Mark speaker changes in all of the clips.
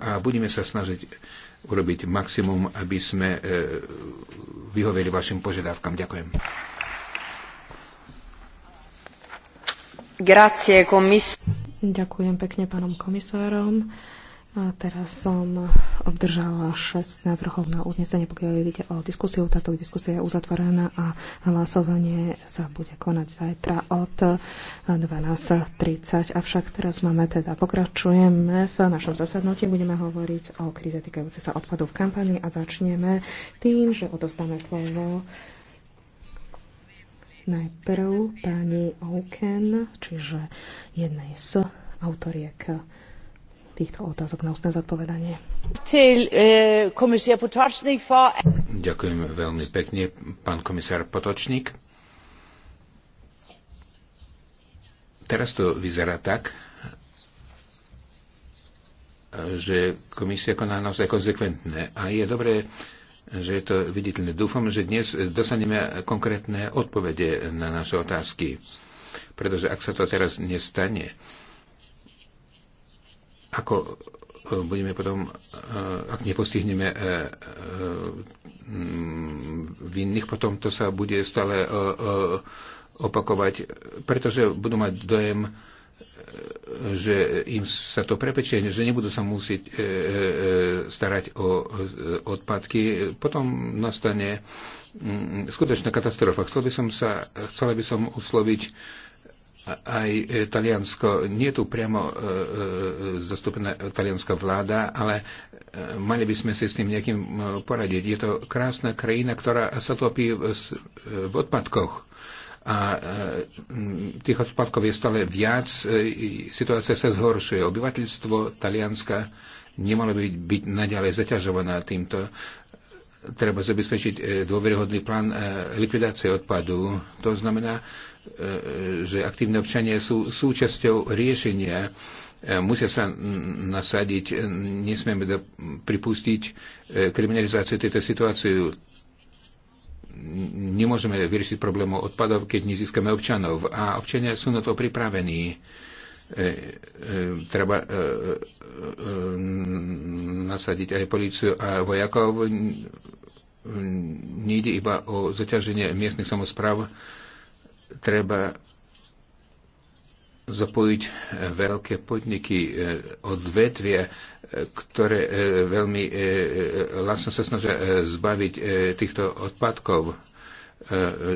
Speaker 1: a budeme sa snažiť urobiť maximum, aby sme e, vyhoveli vašim požiadavkám. Ďakujem.
Speaker 2: Grazie, komis- Ďakujem pekne pánom komisárom. A teraz som obdržala 6 návrhov na uznesenie, pokiaľ ide o diskusiu. Táto diskusia je uzatvorená a hlasovanie sa bude konať zajtra od 12.30. Avšak teraz máme teda, pokračujeme v našom zasadnutí, budeme hovoriť o kríze týkajúce sa odpadu v kampanii a začneme tým, že odovzdáme slovo najprv pani Auken, čiže jednej z autoriek týchto otázok na ústne zodpovedanie. Eh,
Speaker 1: Ďakujem veľmi pekne, pán komisár Potočník. Teraz to vyzerá tak, že komisia koná naozaj konzekventné a je dobré, že je to viditeľné. Dúfam, že dnes dostaneme konkrétne odpovede na naše otázky, pretože ak sa to teraz nestane, ako e, budeme potom, e, ak nepostihneme e, vinných, potom to sa bude stále opakovať, pretože budú mať dojem, že im sa to prepečie, že nebudú sa musieť starať o odpadky. Potom nastane skutočná katastrofa. Chcel by som sa, chcela by som usloviť aj e, Taliansko. Nie je tu priamo e, e, zastúpená talianská vláda, ale mali by sme si s tým nejakým poradiť. Je to krásna krajina, ktorá sa topí v odpadkoch a tých odpadkov je stále viac, situácia sa zhoršuje. Obyvateľstvo Talianska nemalo by byť naďalej zaťažované týmto. Treba zabezpečiť dôveryhodný plán likvidácie odpadu. To znamená, E, že aktívne občania sú súčasťou riešenia e, musia sa nasadiť, e, nesmieme pripustiť kriminalizáciu tejto situáciu. Nemôžeme vyriešiť problému odpadov, keď nezískame občanov. A občania sú na to pripravení. Treba nasadiť aj policiu a vojakov. Nejde iba o zaťaženie miestnych samozpráv, treba zapojiť eh, veľké podniky, eh, od vetvia, eh, ktoré veľmi vlastne sa snažia zbaviť týchto odpadkov.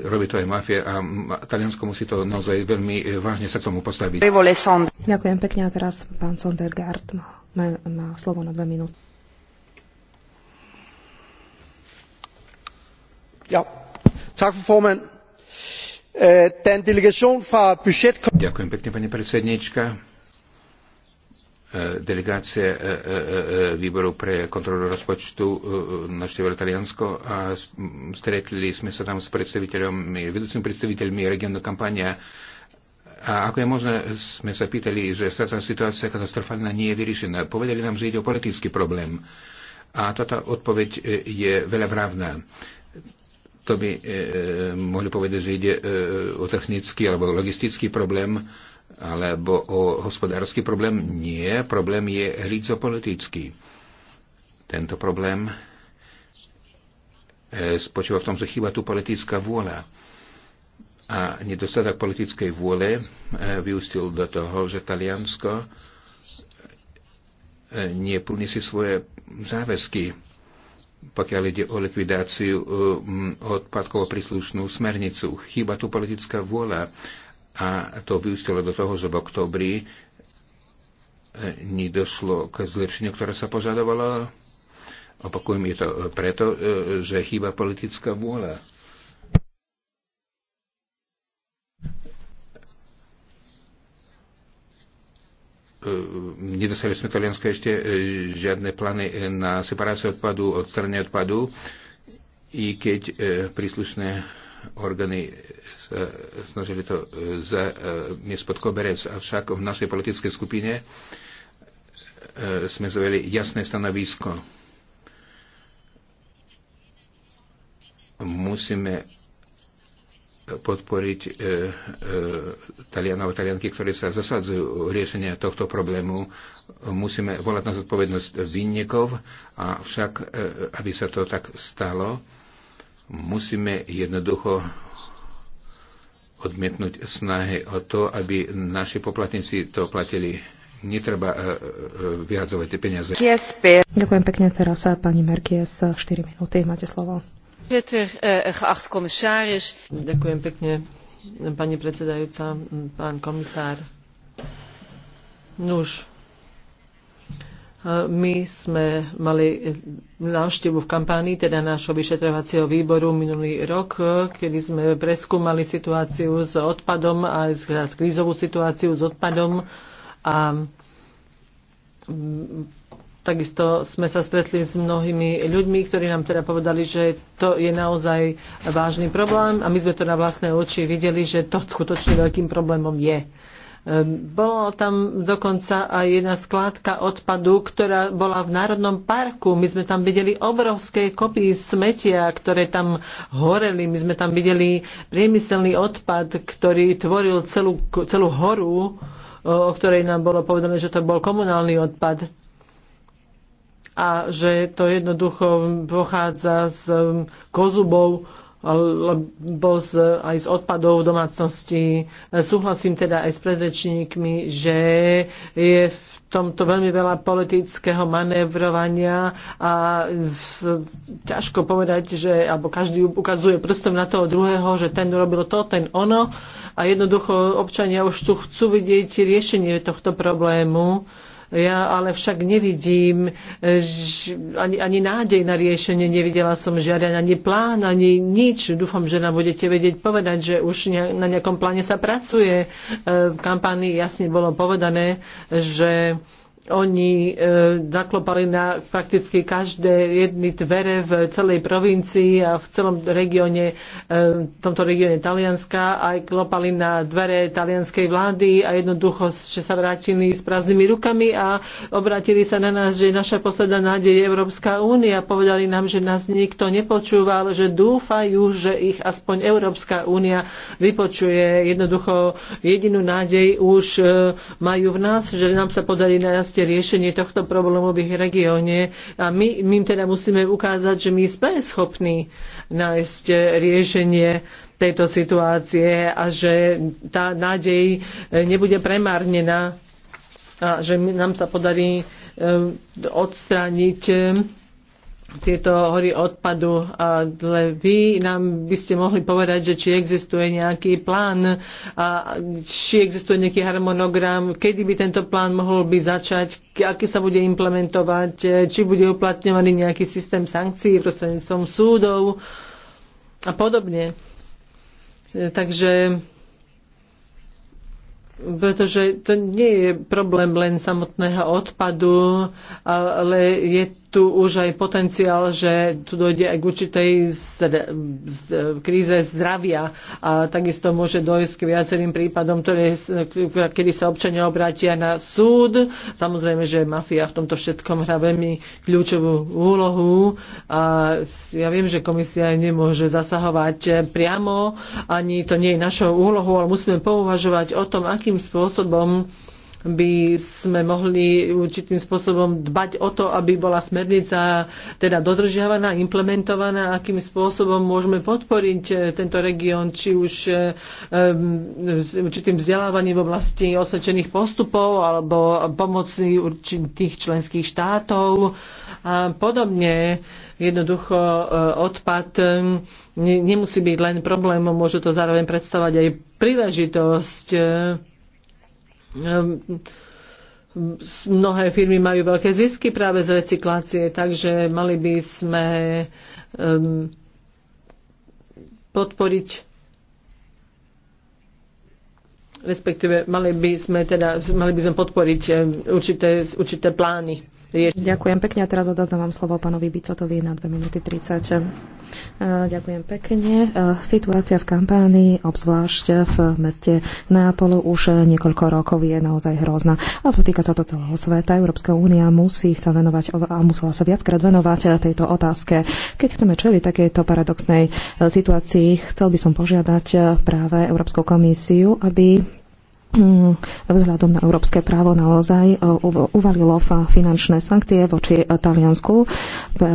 Speaker 1: Robí to aj mafia a Taliansko musí to naozaj veľmi vážne sa k tomu postaviť. Ďakujem
Speaker 2: pekne a teraz pán Sondergaard má, má má slovo na dve minúty.
Speaker 1: Ja, tak for formand. Eh, Ďakujem pekne, pani predsednička. Eh, Delegácia eh, výboru pre kontrolu rozpočtu navštívila Taliansko a stretli sme sa tam s predstaviteľmi, vedúcimi predstaviteľmi regionu kampania a ako je možné, sme sa pýtali, že státa situácia katastrofálna nie je vyriešená. Povedali nám, že ide o politický problém. A táto odpoveď je veľavrávna to by e, e, mohli povedať, že ide e, o technický alebo logistický problém, alebo o hospodársky problém. Nie, problém je rizopolitický. Tento problém e, spočíva v tom, že chýba tu politická vôľa. A nedostatok politickej vôle e, vyústil do toho, že Taliansko e, neplní si svoje záväzky pokiaľ ide o likvidáciu e, odpadkovo príslušnú smernicu. Chýba tu politická vôľa a to vyústilo do toho, že v oktobri e, nedošlo k zlepšeniu, ktoré sa požadovalo. Opakujem, je to preto, e, že chýba politická vôľa. E, nedostali sme Talianska ešte e, žiadne plány na separáciu odpadu, odstranenie odpadu, i keď e, príslušné orgány sa snažili to za pod koberec. Avšak v našej politickej skupine sme zaveli jasné stanovisko. Musíme podporiť e, e, Talianov a Talianky, ktorí sa zasadzujú riešenie tohto problému. Musíme volať na zodpovednosť vinníkov, a však, e, aby sa to tak stalo, musíme jednoducho odmietnúť snahy o to, aby naši poplatníci to platili. Netreba e, e, vyhadzovať tie peniaze.
Speaker 2: Ďakujem pekne teraz, e, pani Merkies. 4 e, minúty, máte slovo.
Speaker 3: Eh, Ďakujem pekne, pani predsedajúca, komisár. Nuž, eh, my sme mali návštevu v kampánii, teda nášho vyšetrovacieho výboru minulý rok, kedy sme preskúmali situáciu s odpadom a s krízovú situáciu s odpadom a Takisto sme sa stretli s mnohými ľuďmi, ktorí nám teda povedali, že to je naozaj vážny problém a my sme to na vlastné oči videli, že to skutočne veľkým problémom je. Ehm, bolo tam dokonca aj jedna skládka odpadu, ktorá bola v Národnom parku. My sme tam videli obrovské kopy smetia, ktoré tam horeli. My sme tam videli priemyselný odpad, ktorý tvoril celú, celú horu, o ktorej nám bolo povedané, že to bol komunálny odpad a že to jednoducho pochádza z um, kozubov alebo z, aj z odpadov v domácnosti. Súhlasím teda aj s predrečníkmi, že je v tomto veľmi veľa politického manévrovania a v, ťažko povedať, že alebo každý ukazuje prstom na toho druhého, že ten robil to, ten ono a jednoducho občania už tu chcú vidieť riešenie tohto problému ja ale však nevidím ani, ani nádej na riešenie, nevidela som žiaden ani plán, ani nič. Dúfam, že nám budete vedieť povedať, že už na nejakom pláne sa pracuje. E, v kampánii jasne bolo povedané, že oni e, naklopali na prakticky každé jedny dvere v celej provincii a v celom regióne, e, v tomto regióne Talianska, aj klopali na dvere talianskej vlády a jednoducho že sa vrátili s prázdnymi rukami a obrátili sa na nás, že naša posledná nádej je Európska únia. Povedali nám, že nás nikto nepočúval, že dúfajú, že ich aspoň Európska únia vypočuje. Jednoducho jedinú nádej už e, majú v nás, že nám sa podarí nájsť proste riešenie tohto problému v ich regióne. A my, my im teda musíme ukázať, že my sme schopní nájsť riešenie tejto situácie a že tá nádej e, nebude premárnená a že nám sa podarí e, odstrániť e, tieto hory odpadu. Ale vy nám by ste mohli povedať, že či existuje nejaký plán, a či existuje nejaký harmonogram, kedy by tento plán mohol by začať, aký sa bude implementovať, či bude uplatňovaný nejaký systém sankcií prostredníctvom súdov a podobne. Takže pretože to nie je problém len samotného odpadu, ale je tu už aj potenciál, že tu dojde aj k určitej zdra, z, kríze zdravia a takisto môže dojsť k viacerým prípadom, ktoré, kedy sa občania obrátia na súd. Samozrejme, že mafia v tomto všetkom hrá veľmi kľúčovú úlohu a ja viem, že komisia nemôže zasahovať priamo, ani to nie je našou úlohou, ale musíme pouvažovať o tom, akým spôsobom by sme mohli určitým spôsobom dbať o to, aby bola smernica teda dodržiavaná, implementovaná, akým spôsobom môžeme podporiť eh, tento región, či už eh, eh, určitým vzdelávaním v oblasti osvedčených postupov alebo pomoci určitých členských štátov a podobne jednoducho odpad nemusí byť len problémom, môže to zároveň predstavať aj príležitosť Ehm, mnohé firmy majú veľké zisky práve z recyklácie, takže mali by sme um, podporiť respektíve mali by sme, teda, mali by sme podporiť ehm, určité, určité plány riešiť. Ďakujem
Speaker 2: pekne a teraz odozdávam slovo pánovi Bicotovi na 2 minúty 30. E, ďakujem pekne. E, situácia v kampánii, obzvlášť v meste Nápolu, už niekoľko rokov je naozaj hrozná. A týka sa to celého sveta. Európska únia musí sa venovať a musela sa viackrát venovať tejto otázke. Keď chceme čeliť takejto paradoxnej e, situácii, chcel by som požiadať práve Európsku komisiu, aby Mm, vzhľadom na európske právo naozaj e, uvalilo finančné sankcie voči e, Taliansku e,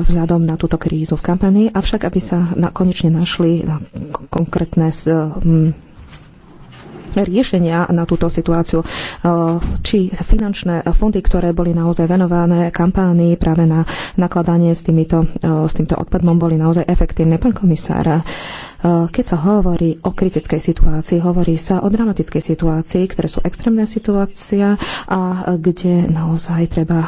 Speaker 2: vzhľadom na túto krízu v kampanii, avšak aby sa konečne našli konkrétne mm, riešenia na túto situáciu. Či finančné fondy, ktoré boli naozaj venované kampánii práve na nakladanie s, týmito, s týmto odpadom, boli naozaj efektívne. Pán komisár, E, keď sa hovorí o kritickej situácii, hovorí sa o dramatickej situácii, ktoré sú extrémne situácia a kde naozaj treba e,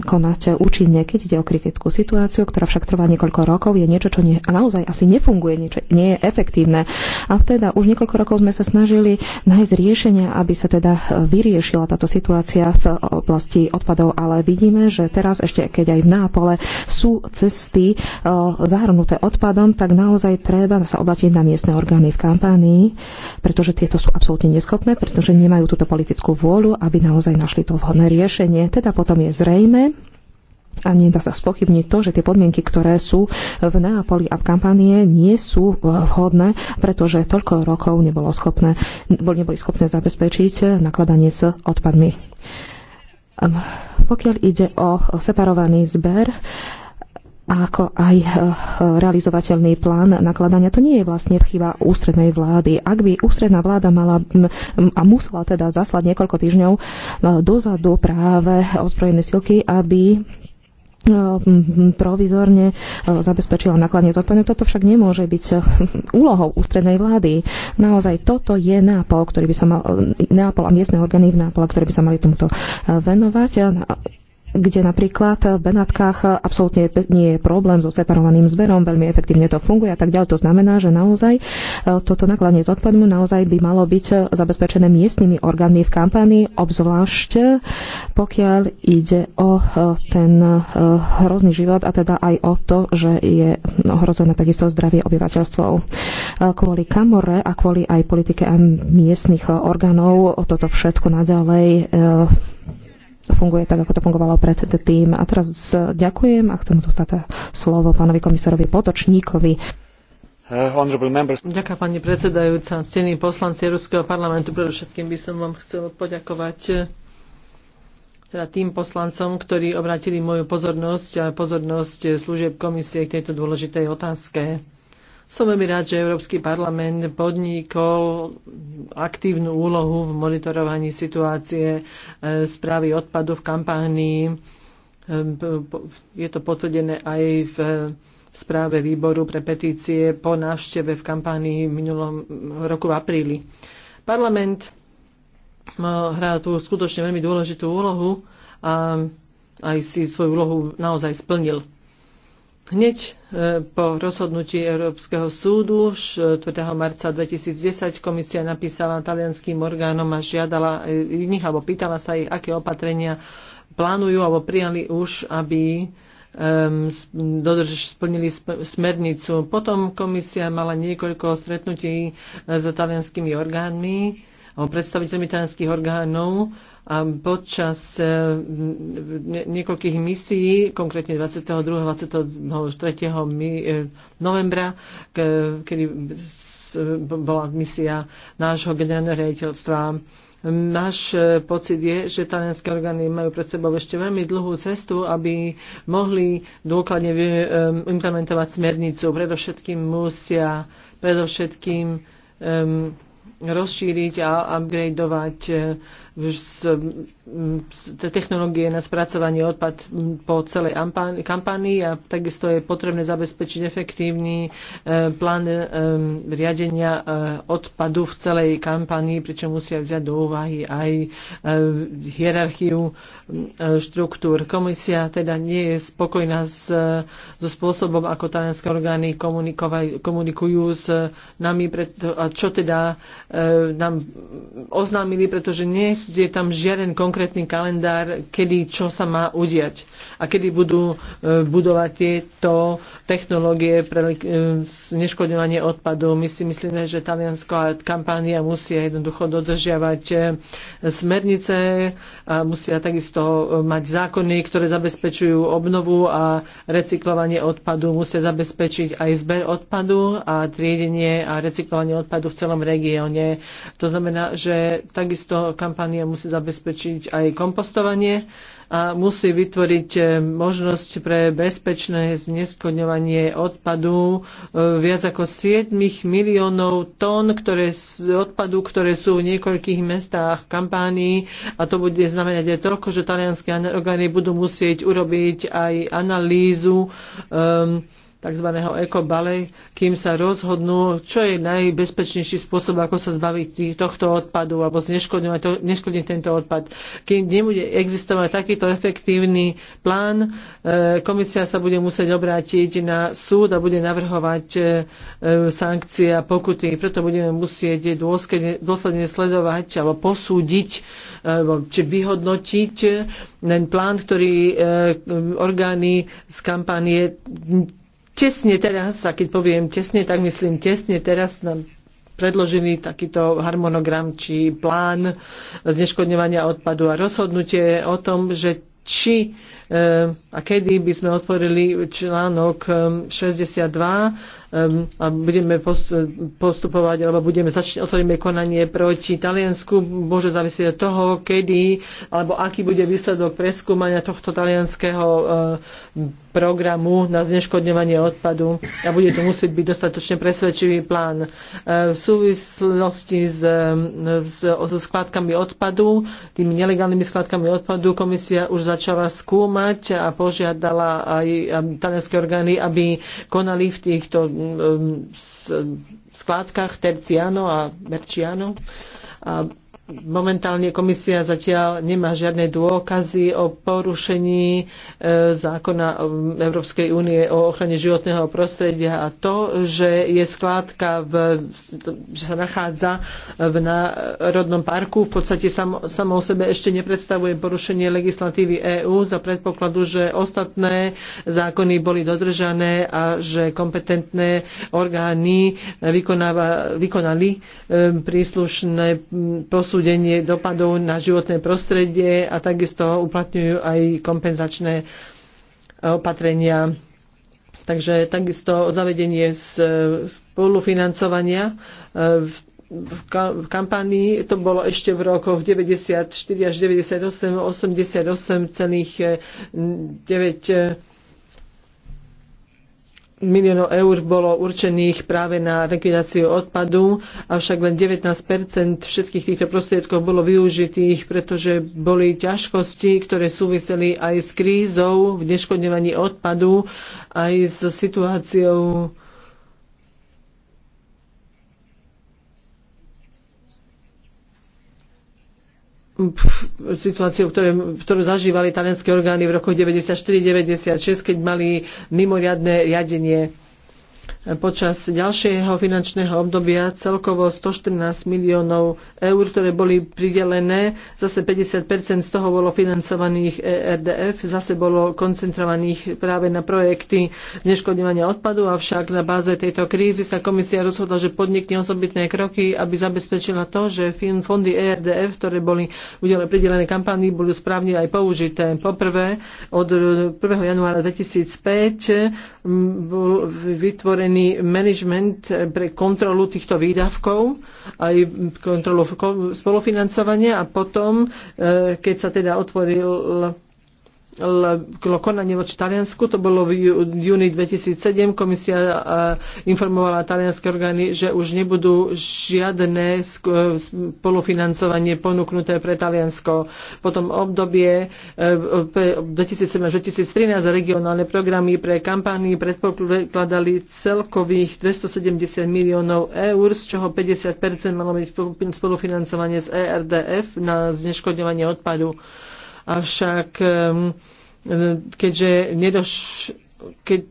Speaker 2: konať účinne. Keď ide o kritickú situáciu, ktorá však trvá niekoľko rokov, je niečo, čo nie, naozaj asi nefunguje, niečo, nie je efektívne. A teda už niekoľko rokov sme sa snažili nájsť riešenie, aby sa teda e, vyriešila táto situácia v oblasti odpadov, ale vidíme, že teraz ešte keď aj v Nápole sú cesty zahrnuté odpadom, tak naozaj treba sa oblatiť na miestne orgány v kampánii, pretože tieto sú absolútne neschopné, pretože nemajú túto politickú vôľu, aby naozaj našli to vhodné riešenie. Teda potom je zrejme, a nedá sa spochybniť to, že tie podmienky, ktoré sú v Neapoli a v kampanie, nie sú e, vhodné, pretože toľko rokov nebolo schopné, neboli schopné zabezpečiť nakladanie s odpadmi. Ehm, pokiaľ ide o separovaný zber, ako aj eh, realizovateľný plán nakladania. To nie je vlastne chyba ústrednej vlády. Ak by ústredná vláda mala a musela teda zaslať niekoľko týždňov eh, dozadu práve ozbrojené silky, aby eh, provizorne zabezpečila nakladne zodpovedné. Toto však nemôže byť úlohou ústrednej vlády. Naozaj toto je nápol, ktorý by sa mal, nápol a miestne orgány v nápole, ktoré by sa mali tomuto venovať kde napríklad v Benátkach absolútne nie je problém so separovaným zberom, veľmi efektívne to funguje a tak ďalej. To znamená, že naozaj e, toto nakladanie z odpadu naozaj by malo byť e, zabezpečené miestnymi orgánmi v kampanii, obzvlášť e, pokiaľ ide o ten hrozný život a teda aj o to, že je ohrozené takisto zdravie obyvateľstvov. Kvôli kamore a kvôli aj politike a miestnych orgánov toto všetko naďalej funguje tak, ako to fungovalo pred tým. A teraz ďakujem a chcem dostať slovo pánovi komisárovi Potočníkovi.
Speaker 3: Uh,
Speaker 1: ďakujem
Speaker 3: pani predsedajúca, ctení poslanci Európskeho parlamentu, predovšetkým by som vám chcel poďakovať teda tým poslancom, ktorí obrátili moju pozornosť a pozornosť služieb komisie k tejto dôležitej otázke. Som veľmi rád, že Európsky parlament podnikol aktívnu úlohu v monitorovaní situácie e, správy odpadu v kampánii. E, je to potvrdené aj e, v správe výboru pre petície po návšteve v kampánii minulom roku v apríli. Parlament hrá tu skutočne veľmi dôležitú úlohu a aj si svoju úlohu naozaj splnil. Hneď e, po rozhodnutí Európskeho súdu 4. E, marca 2010 komisia napísala talianským orgánom a žiadala e, iných, alebo pýtala sa ich, aké opatrenia plánujú alebo prijali už, aby splnili smernicu. Potom komisia mala niekoľko stretnutí s talianskými orgánmi, predstaviteľmi talianských orgánov, a počas e, niekoľkých misií, konkrétne 22. 23. E, novembra, kedy bola misia nášho generálneho riaditeľstva Náš e, pocit je, že talianské orgány majú pred sebou ešte veľmi dlhú cestu, aby mohli dôkladne implementovať smernicu. Predovšetkým musia predovšetkým um, rozšíriť a upgradovať z technológie na spracovanie odpad po celej kampanii a takisto je potrebné zabezpečiť efektívny e, plán e, riadenia e, odpadu v celej kampanii, pričom musia vziať do úvahy aj hierarchiu štruktúr. Komisia teda nie je spokojná s, so spôsobom, ako talianské orgány komunikujú s nami, preto, a čo teda nám oznámili, pretože nie je tam žiaden konkrétny konkrétny kalendár, kedy čo sa má udiať a kedy budú e, budovať tieto technológie pre zneškodňovanie e, odpadu. My si myslíme, že talianská kampánia musia jednoducho dodržiavať e, smernice a musia takisto mať zákony, ktoré zabezpečujú obnovu a recyklovanie odpadu. Musia zabezpečiť aj zber odpadu a triedenie a recyklovanie odpadu v celom regióne. To znamená, že takisto kampánia musí zabezpečiť umožniť aj kompostovanie a musí vytvoriť eh, možnosť pre bezpečné zneskodňovanie odpadu eh, viac ako 7 miliónov tón ktoré, odpadu, ktoré sú v niekoľkých mestách kampánii a to bude znamenať aj toľko, že talianské orgány budú musieť urobiť aj analýzu um, tzv. ekobalej, kým sa rozhodnú, čo je najbezpečnejší spôsob, ako sa zbaviť tohto odpadu alebo zneškodniť tento odpad. Kým nebude existovať takýto efektívny plán, e, komisia sa bude musieť obrátiť na súd a bude navrhovať e, e, sankcie a pokuty. Preto budeme musieť dôsledne, dôsledne sledovať alebo posúdiť či vyhodnotiť ten plán, ktorý orgány z kampanie tesne teraz, a keď poviem tesne, tak myslím tesne teraz nám predložený takýto harmonogram či plán zneškodňovania odpadu a rozhodnutie o tom, že či eh, a kedy by sme otvorili článok 62 eh, eh, a budeme postupovať alebo budeme začne, otvoríme konanie proti Taliansku môže závisieť od toho, kedy alebo aký bude výsledok preskúmania tohto talianského programu na zneškodňovanie odpadu a bude to musieť byť dostatočne presvedčivý plán. E, v súvislosti s, e, s, so skládkami odpadu, tými nelegálnymi skládkami odpadu, komisia už začala skúmať a požiadala aj um, talianské orgány, aby konali v týchto um, skládkach Terciano a Merciano. A momentálne komisia zatiaľ nemá žiadne dôkazy o porušení e, zákona e, Európskej únie o ochrane životného prostredia a to, že je skládka, v, že sa nachádza v Národnom parku, v podstate samo, o sebe ešte nepredstavuje porušenie legislatívy EÚ za predpokladu, že ostatné zákony boli dodržané a že kompetentné orgány vykonáva, vykonali e, príslušné posúdenie posúdenie dopadov na životné prostredie a takisto uplatňujú aj kompenzačné e, opatrenia. Takže takisto zavedenie e, spolufinancovania e, v v kampanii, to bolo ešte v rokoch 94 až 98, 88,9 miliónov eur bolo určených práve na likvidáciu odpadu, avšak len 19 všetkých týchto prostriedkov bolo využitých, pretože boli ťažkosti, ktoré súviseli aj s krízou v neškodňovaní odpadu, aj s situáciou situáciu, ktoré, ktorú zažívali talianské orgány v rokoch 94-96, keď mali mimoriadne riadenie počas ďalšieho finančného obdobia celkovo 114 miliónov eur, ktoré boli pridelené. Zase 50 z toho bolo financovaných e RDF, zase bolo koncentrovaných práve na projekty neškodňovania odpadu, avšak na báze tejto krízy sa komisia rozhodla, že podnikne osobitné kroky, aby zabezpečila to, že fondy ERDF, ktoré boli pridelené kampány, budú správne aj použité. Poprvé, od 1. januára 2005 bol vytvorený vytvorený management pre kontrolu týchto výdavkov, aj kontrolu spolufinancovania a potom, eh, keď sa teda otvoril konanie voči Taliansku, to bolo v júni 2007, komisia informovala talianské orgány, že už nebudú žiadne spolufinancovanie ponúknuté pre Taliansko. Potom obdobie 2007 e, 2013 regionálne programy pre kampány predpokladali celkových 270 miliónov eur, z čoho 50% malo byť spolufinancovanie z ERDF na zneškodňovanie odpadu avšak keďže nedoš, keď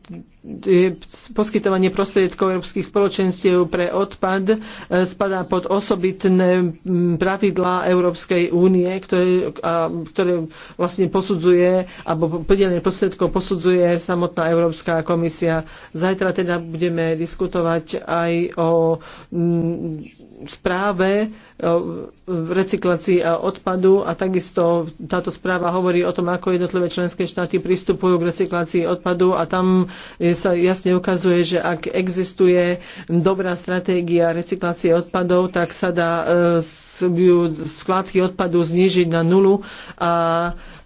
Speaker 3: poskytovanie prostriedkov európskych spoločenstiev pre odpad eh, spadá pod osobitné pravidlá Európskej únie, ktoré, a, ktoré vlastne posudzuje, alebo predelenie prostriedkov posudzuje samotná Európska komisia. Zajtra teda budeme diskutovať aj o m, správe, recyklácii a odpadu a takisto táto správa hovorí o tom, ako jednotlivé členské štáty pristupujú k recyklácii odpadu a tam sa jasne ukazuje, že ak existuje dobrá stratégia recyklácie odpadov, tak sa dá e, skládky odpadu znížiť na nulu a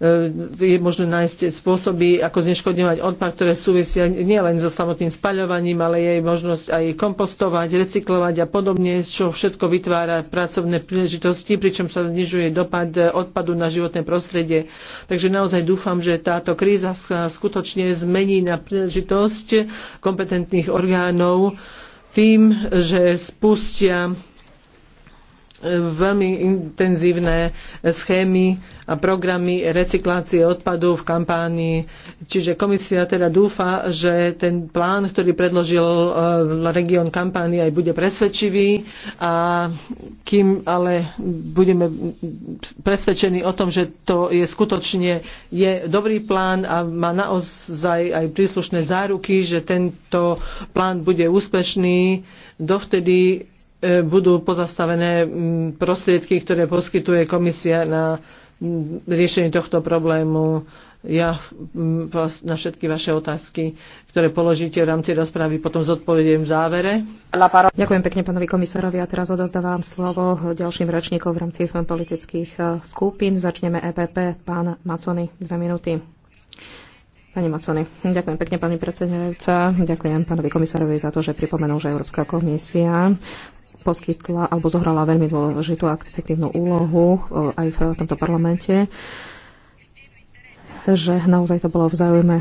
Speaker 3: e, je možné nájsť spôsoby, ako zneškodňovať odpad, ktoré súvisia nielen so samotným spaľovaním, ale je možnosť aj kompostovať, recyklovať a podobne, čo všetko vytvára pracovné príležitosti, pričom sa znižuje dopad odpadu na životné prostredie. Takže naozaj dúfam, že táto kríza sa skutočne zmení na príležitosť kompetentných orgánov tým, že spustia veľmi intenzívne schémy a programy recyklácie odpadu v kampánii. Čiže komisia teda dúfa, že ten plán, ktorý predložil e, región kampánii, aj bude presvedčivý a kým ale budeme presvedčení o tom, že to je skutočne je dobrý plán a má naozaj aj príslušné záruky, že tento plán bude úspešný, dovtedy E, budú pozastavené prostriedky, ktoré poskytuje komisia na riešenie tohto problému. Ja na všetky vaše otázky, ktoré položíte v rámci rozpravy, potom zodpovediem v závere.
Speaker 2: Ďakujem pekne pánovi komisárovi a teraz odozdávam slovo ďalším ročníkom v rámci politických e, skupín. Začneme EPP. Pán Macony, dve minúty. Pani Macony, ďakujem pekne pani predsedajúca, ďakujem pánovi komisárovi za to, že pripomenul, že Európska komisia poskytla alebo zohrala veľmi dôležitú a efektívnu úlohu e, aj v tomto parlamente že naozaj to bolo v záujme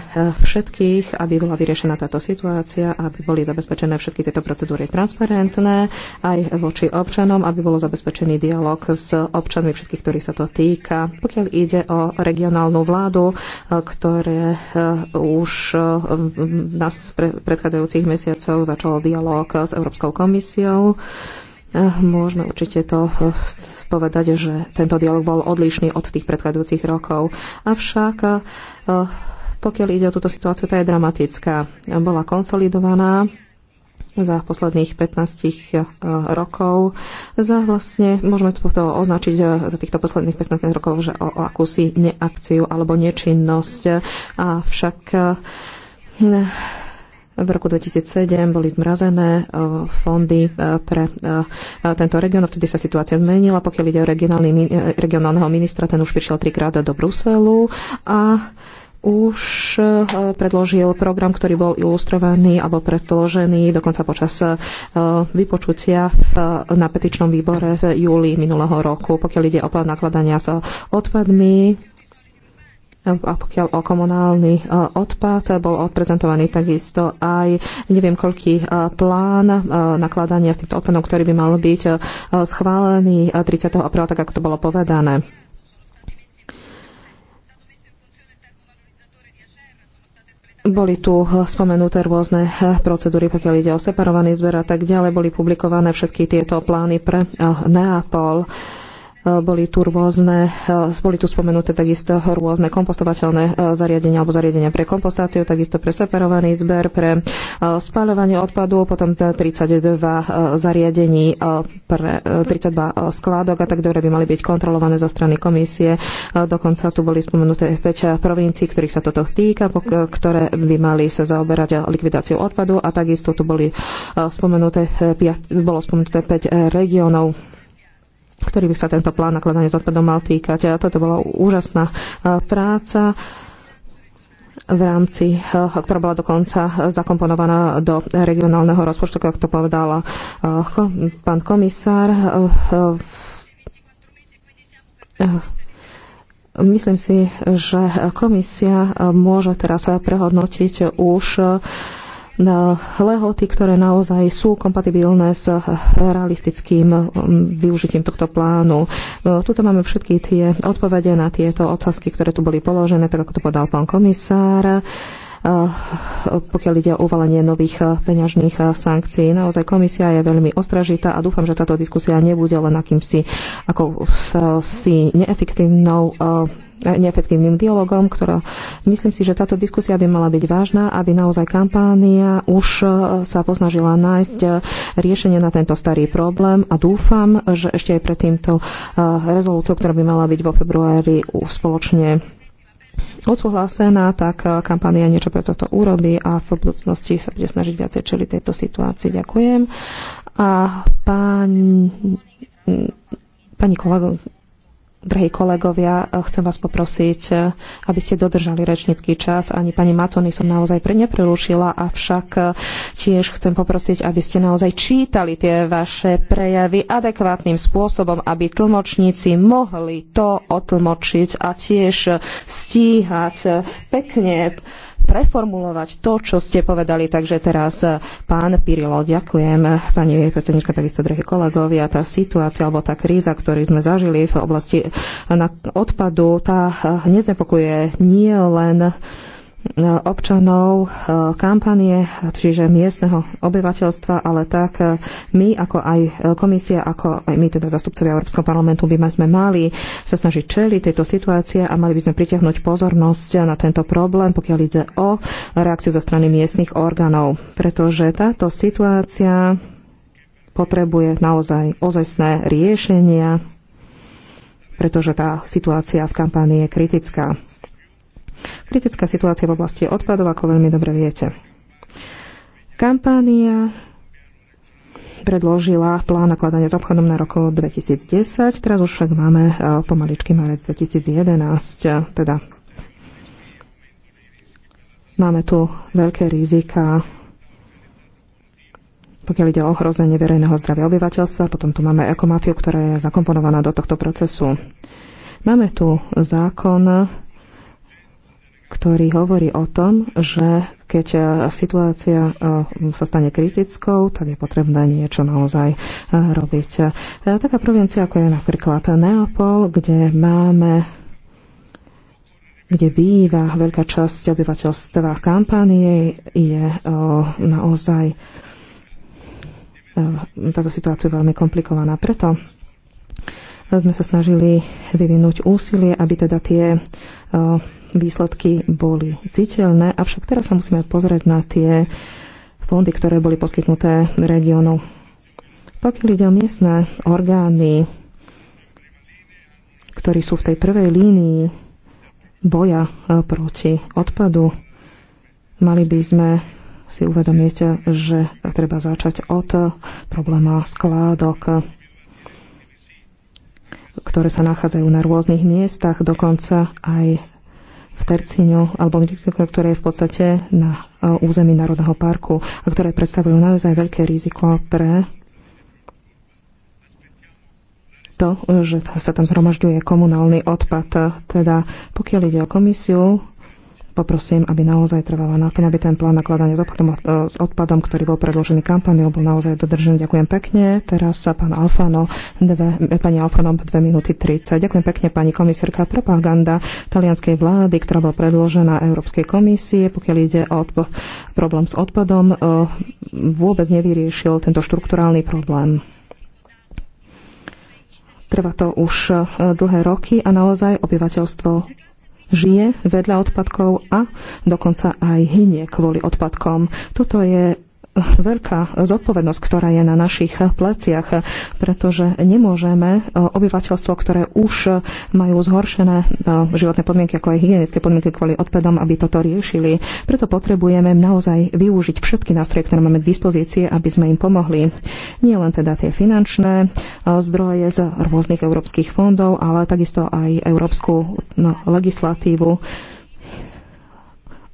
Speaker 2: všetkých, aby bola vyriešená táto situácia, aby boli zabezpečené všetky tieto procedúry transparentné aj voči občanom, aby bolo zabezpečený dialog s občanmi všetkých, ktorí sa to týka. Pokiaľ ide o regionálnu vládu, ktoré už nás v predchádzajúcich mesiacoch začalo dialog s Európskou komisiou, Eh, môžeme určite to eh, povedať, že tento dialog bol odlišný od tých predchádzajúcich rokov. Avšak eh, pokiaľ ide o túto situáciu, tá je dramatická. Bola konsolidovaná za posledných 15 rokov. Za vlastne, môžeme to označiť za týchto posledných 15 rokov, že o, o akúsi neakciu alebo nečinnosť. Avšak v roku 2007 boli zmrazené e, fondy e, pre e, tento región, vtedy sa situácia zmenila. Pokiaľ ide o regionálneho ministra, ten už prišiel trikrát do Bruselu a už predložil program, ktorý bol ilustrovaný alebo predložený dokonca počas vypočutia v, na petičnom výbore v júli minulého roku, pokiaľ ide o plán nakladania s odpadmi a pokiaľ o komunálny e, odpad e, bol odprezentovaný takisto aj neviem koľký e, plán nakladania s týmto odpadom, ktorý by mal byť schválený 30. apríla, tak ako to bolo povedané. Boli tu spomenuté rôzne procedúry, pokiaľ ide o separovaný zber a tak ďalej. Boli publikované všetky tieto plány pre Neapol. Uh, boli tu rôzne, eh, boli tu spomenuté takisto rôzne kompostovateľné eh, zariadenia alebo zariadenia pre kompostáciu, takisto pre separovaný zber, pre eh, spáľovanie odpadu, potom 32 zariadení pre 32 skládok a tak, ktoré by mali byť kontrolované zo strany komisie. Dokonca tu boli spomenuté 5 provincií, ktorých sa toto týka, ktoré by mali sa zaoberať likvidáciou odpadu a takisto tu boli spomenuté, bolo spomenuté 5 regionov ktorý by sa tento plán nakladania s odpadom mal týkať. A toto bola úžasná e, práca v rámci, e, ktorá bola dokonca zakomponovaná do regionálneho rozpočtu, ako to povedala e, pán komisár. Myslím si, že komisia môže teraz prehodnotiť už na lehoty, ktoré naozaj sú kompatibilné s realistickým um, využitím tohto plánu. No, tuto máme všetky tie odpovede na tieto otázky, ktoré tu boli položené, tak ako to podal pán komisár pokiaľ ide o uvalenie nových peňažných sankcií. Naozaj komisia je veľmi ostražitá a dúfam, že táto diskusia nebude len akýmsi ako si neefektívnou neefektívnym dialogom, ktorá, myslím si, že táto diskusia by mala byť vážna, aby naozaj kampánia už e, sa posnažila nájsť e, riešenie na tento starý problém a dúfam, že ešte aj pred týmto e, rezolúciou, ktorá by mala byť vo februári spoločne odsúhlasená, tak kampania niečo pre toto urobí a v budúcnosti sa bude snažiť viacej čeliť tejto situácii. Ďakujem. A pán, pani kolego, Drahí kolegovia, chcem vás poprosiť, aby ste dodržali rečnický čas. Ani pani Macony som naozaj pre neprerušila, avšak eh, tiež chcem poprosiť, aby ste naozaj čítali tie vaše prejavy adekvátnym spôsobom, aby tlmočníci mohli to otlmočiť a tiež eh, stíhať eh, pekne preformulovať to, čo ste povedali. Takže teraz eh, pán Pirilo, ďakujem. Pani predsednička, takisto drahí kolegovia, tá situácia alebo tá kríza, ktorú sme zažili v oblasti eh, odpadu, tá eh, neznepokuje nie len E, občanov e, kampanie, čiže miestneho obyvateľstva, ale tak e, my, ako aj komisia, ako aj my, teda zastupcovia Európskeho parlamentu, by sme mali sa snažiť čeliť tejto situácie a mali by sme pritiahnuť pozornosť na tento problém, pokiaľ ide o reakciu zo strany miestnych orgánov, pretože táto situácia potrebuje naozaj ozajstné riešenia, pretože tá situácia v kampánii je kritická. Kritická situácia v oblasti odpadov, ako veľmi dobre viete. Kampánia predložila plán nakladania s obchodom na roku 2010, teraz už však máme e, pomaličky marec 2011, e, teda máme tu veľké rizika pokiaľ ide o ohrozenie verejného zdravia obyvateľstva, potom tu máme ekomafiu, ktorá je zakomponovaná do tohto procesu. Máme tu zákon ktorý hovorí o tom, že keď e, situácia e, sa stane kritickou, tak je potrebné niečo naozaj e, robiť. Taká provincia, ako je napríklad Neapol, kde máme kde býva veľká časť obyvateľstva kampánie, je naozaj táto situácia je veľmi komplikovaná. Preto sme sa snažili vyvinúť úsilie, aby teda tie výsledky boli citeľné, avšak teraz sa musíme pozrieť na tie fondy, ktoré boli poskytnuté regiónu. Pokiaľ ide o miestne orgány, ktorí sú v tej prvej línii boja e, proti odpadu, mali by sme si uvedomiť, že treba začať od probléma skládok, ktoré sa nachádzajú na rôznych miestach, dokonca aj v Tercíňu alebo v ktoré je v podstate na e, území Národného parku a ktoré predstavujú naozaj veľké riziko pre to, že sa tam zhromažďuje komunálny odpad. Teda pokiaľ ide o komisiu, poprosím, aby naozaj trvala na tom, aby ten plán nakladania s odpadom, eh, s odpadom ktorý bol predložený kampaniou, bol naozaj dodržený. Ďakujem pekne. Teraz sa pán Alfano, dve, eh, pani Alfano, 2 minúty 30. Ďakujem pekne pani komisárka propaganda talianskej vlády, ktorá bola predložená Európskej komisie, pokiaľ ide o odpo- problém s odpadom, eh, vôbec nevyriešil tento štrukturálny problém. Trvá to už dlhé roky a naozaj obyvateľstvo žije vedľa odpadkov a dokonca aj hynie kvôli odpadkom. Toto je veľká zodpovednosť, ktorá je na našich pleciach, pretože nemôžeme e, obyvateľstvo, ktoré už majú zhoršené e, životné podmienky, ako aj hygienické podmienky kvôli odpadom, aby toto riešili. Preto potrebujeme naozaj využiť všetky nástroje, ktoré máme k dispozícii, aby sme im pomohli. Nie len teda tie finančné e, zdroje z rôznych európskych fondov, ale takisto aj európsku no, legislatívu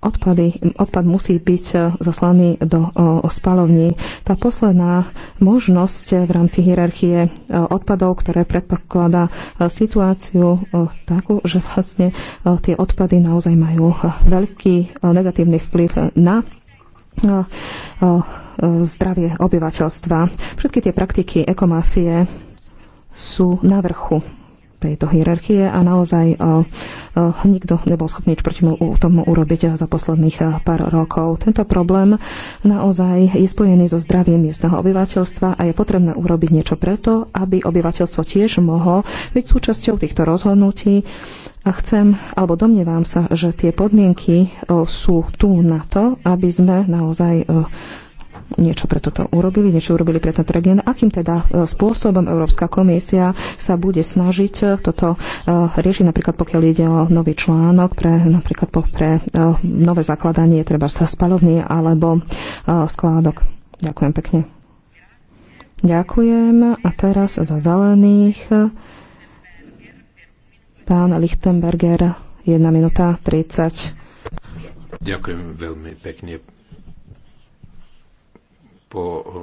Speaker 2: odpady, odpad musí byť e, zaslaný do e, spalovní. Tá posledná možnosť e, v rámci hierarchie odpadov, ktoré predpokladá situáciu takú, že vlastne tie odpady naozaj majú veľký negatívny vplyv na zdravie obyvateľstva. Všetky tie praktiky ekomafie sú na vrchu tejto hierarchie a naozaj e, e, nikto nebol schopný nič proti tomu urobiť za posledných e, pár rokov. Tento problém naozaj je spojený so zdravím miestneho obyvateľstva a je potrebné urobiť niečo preto, aby obyvateľstvo tiež mohlo byť súčasťou týchto rozhodnutí a chcem, alebo domnievam sa, že tie podmienky sú tu na to, aby sme naozaj niečo pre toto urobili, niečo urobili pre tento región. Akým teda e, spôsobom Európska komisia sa bude snažiť e, toto e, riešiť, napríklad pokiaľ ide o nový článok, pre, napríklad pre nové zakladanie treba sa spalovní alebo skládok. Ďakujem pekne. Ďakujem. A teraz za zelených pán Lichtenberger, 1 minúta 30.
Speaker 1: Ďakujem veľmi pekne, po eh, eh,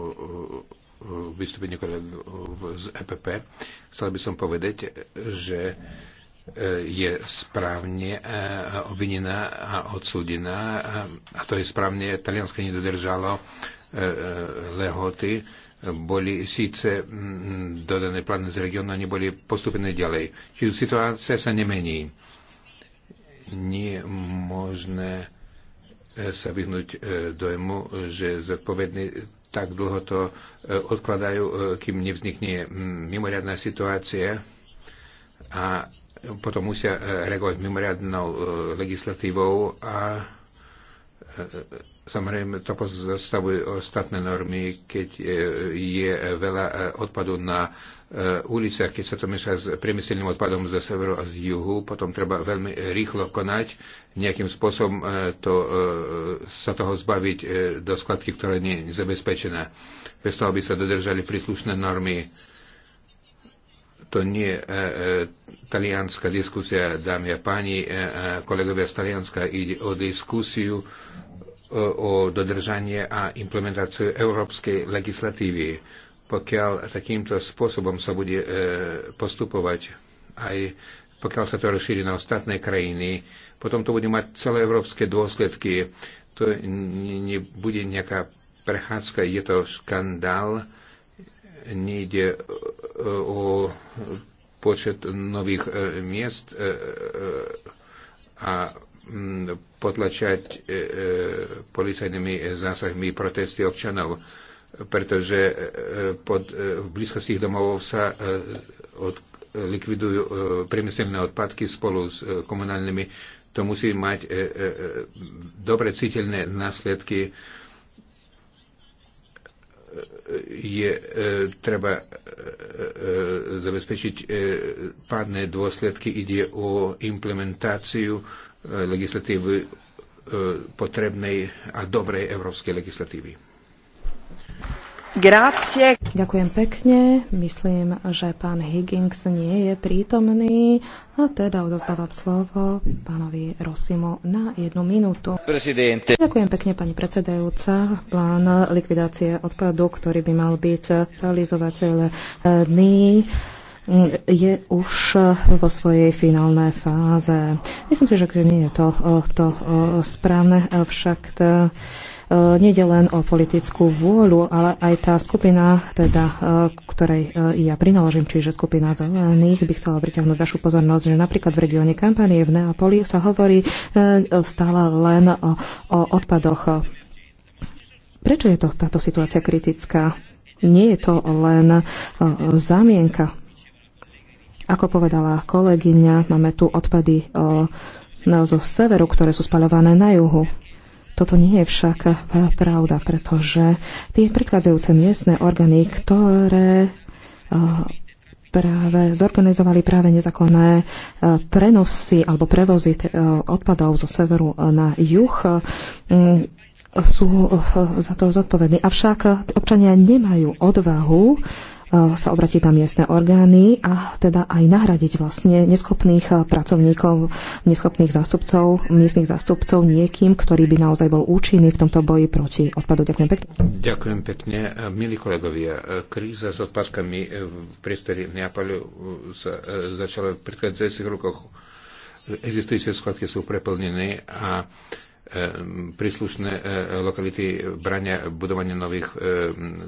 Speaker 1: vystúpení kolegov z EPP. Chcel by som povedať, že eh, je správne obvinená a odsúdená a to je správne, Taliansko nedodržalo lehoty, boli síce mm, dodané plány z regionu, neboli postupené ďalej. Čiže situácia sa nemení. Nie možné sa vyhnúť dojmu, že zodpovední tak dlho to e, odkladajú, e, kým nevznikne mimoriadná situácia a potom musia e, reagovať mimoriadnou legislatívou a samozrejme to pozastavujú ostatné normy, keď je veľa odpadu na uliciach, keď sa to meša s priemyselným odpadom zo severu a z juhu, potom treba veľmi rýchlo konať, nejakým spôsobom e, to, e, sa toho zbaviť e, do skladky, ktorá nie je zabezpečená, bez toho, aby sa dodržali príslušné normy. To nie je talianská diskusia, dámy a páni, kolegovia z Talianska, ide o diskusiu o dodržanie a implementáciu európskej legislatívy. Pokiaľ takýmto spôsobom sa bude postupovať aj pokiaľ sa to rozšíri na ostatné krajiny. Potom to bude mať celé európske dôsledky. To nebude nejaká prechádzka, je to škandál. Nejde o počet nových e, miest e, e, a potlačať policajnými zásahmi protesty občanov, pretože pod, v blízkosti ich domov sa od, likvidujú e, priemyselné odpadky spolu s e, komunálnymi, to musí mať e, dobre citeľné následky. Je treba zabezpečiť pádne dôsledky. Ide o implementáciu legislatívy potrebnej a dobrej európskej legislatívy.
Speaker 2: Ďakujem pekne. Myslím, že pán Higgins nie je prítomný. A teda odozdávam slovo pánovi Rosimo na jednu minútu.
Speaker 3: Presidente.
Speaker 2: Ďakujem pekne, pani predsedajúca. Plán likvidácie odpadu, ktorý by mal byť realizovateľný eh, mm, je už eh, vo svojej finálnej fáze. Myslím si, že nie je to, eh, to správne, však to, E, Nede len o politickú vôľu, ale aj tá skupina, teda, e, ktorej e, ja prináležím, čiže skupina zelených, by chcela priťahnuť vašu pozornosť, že napríklad v regióne kampanie v Neapoli sa hovorí stále len o, o odpadoch. Prečo je to táto situácia kritická? Nie je to len zámienka. Ako povedala kolegyňa, máme tu odpady zo severu, ktoré sú spaľované na juhu. Toto nie je však eh, pravda, pretože tie predchádzajúce miestne orgány, ktoré eh, práve zorganizovali práve nezákonné eh, prenosy alebo prevozy odpadov zo severu na juh, mm, sú za to zodpovední. Avšak občania nemajú odvahu Eh, sa obratiť na miestne orgány a teda aj nahradiť vlastne neschopných eh, pracovníkov, neschopných zástupcov, miestnych zástupcov niekým, ktorý by naozaj bol účinný v tomto boji proti odpadu. Ďakujem pekne.
Speaker 1: Ďakujem pekne. Eh, milí kolegovia, kríza s odpadkami v priestore Neapalu sa začala v predchádzajúcich rokoch. Existujúce skladky sú preplnené a príslušné lokality brania budovania nových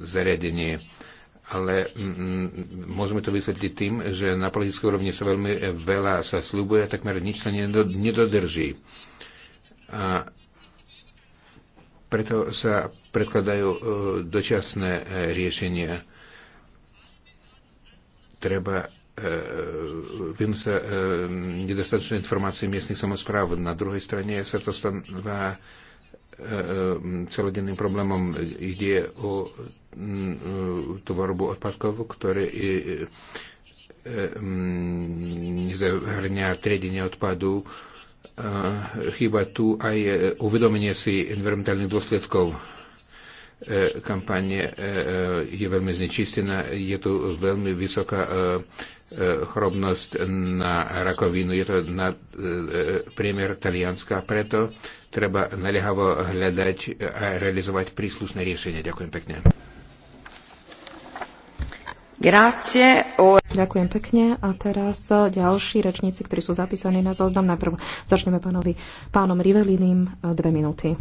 Speaker 1: zariadení ale mm, mm, môžeme to vysvetliť tým, že na politické úrovni sa veľmi veľa sa slúbuje a takmer nič sa nedodrží. A preto sa predkladajú e, dočasné e, riešenia. Treba e, viem sa nedostatočné informácie miestnych samozpráv. Na druhej strane sa to stáva celodenným problémom. Ide o mm, tvorbu odpadkov, ktoré nezahrňa e, mm, triedenie odpadu. Chýba tu aj uvedomenie si environmentálnych dôsledkov e, kampanie je veľmi znečistená, je tu veľmi vysoká e, chorobnosť na rakovinu, je to na priemer talianská. preto Treba naliehavo hľadať a realizovať príslušné riešenie. Ďakujem pekne.
Speaker 2: Ďakujem pekne. A teraz eh, ďalší rečníci, ktorí sú zapísaní na zoznam. Najprv začneme pánovi, pánom Rivelinim eh, dve minúty.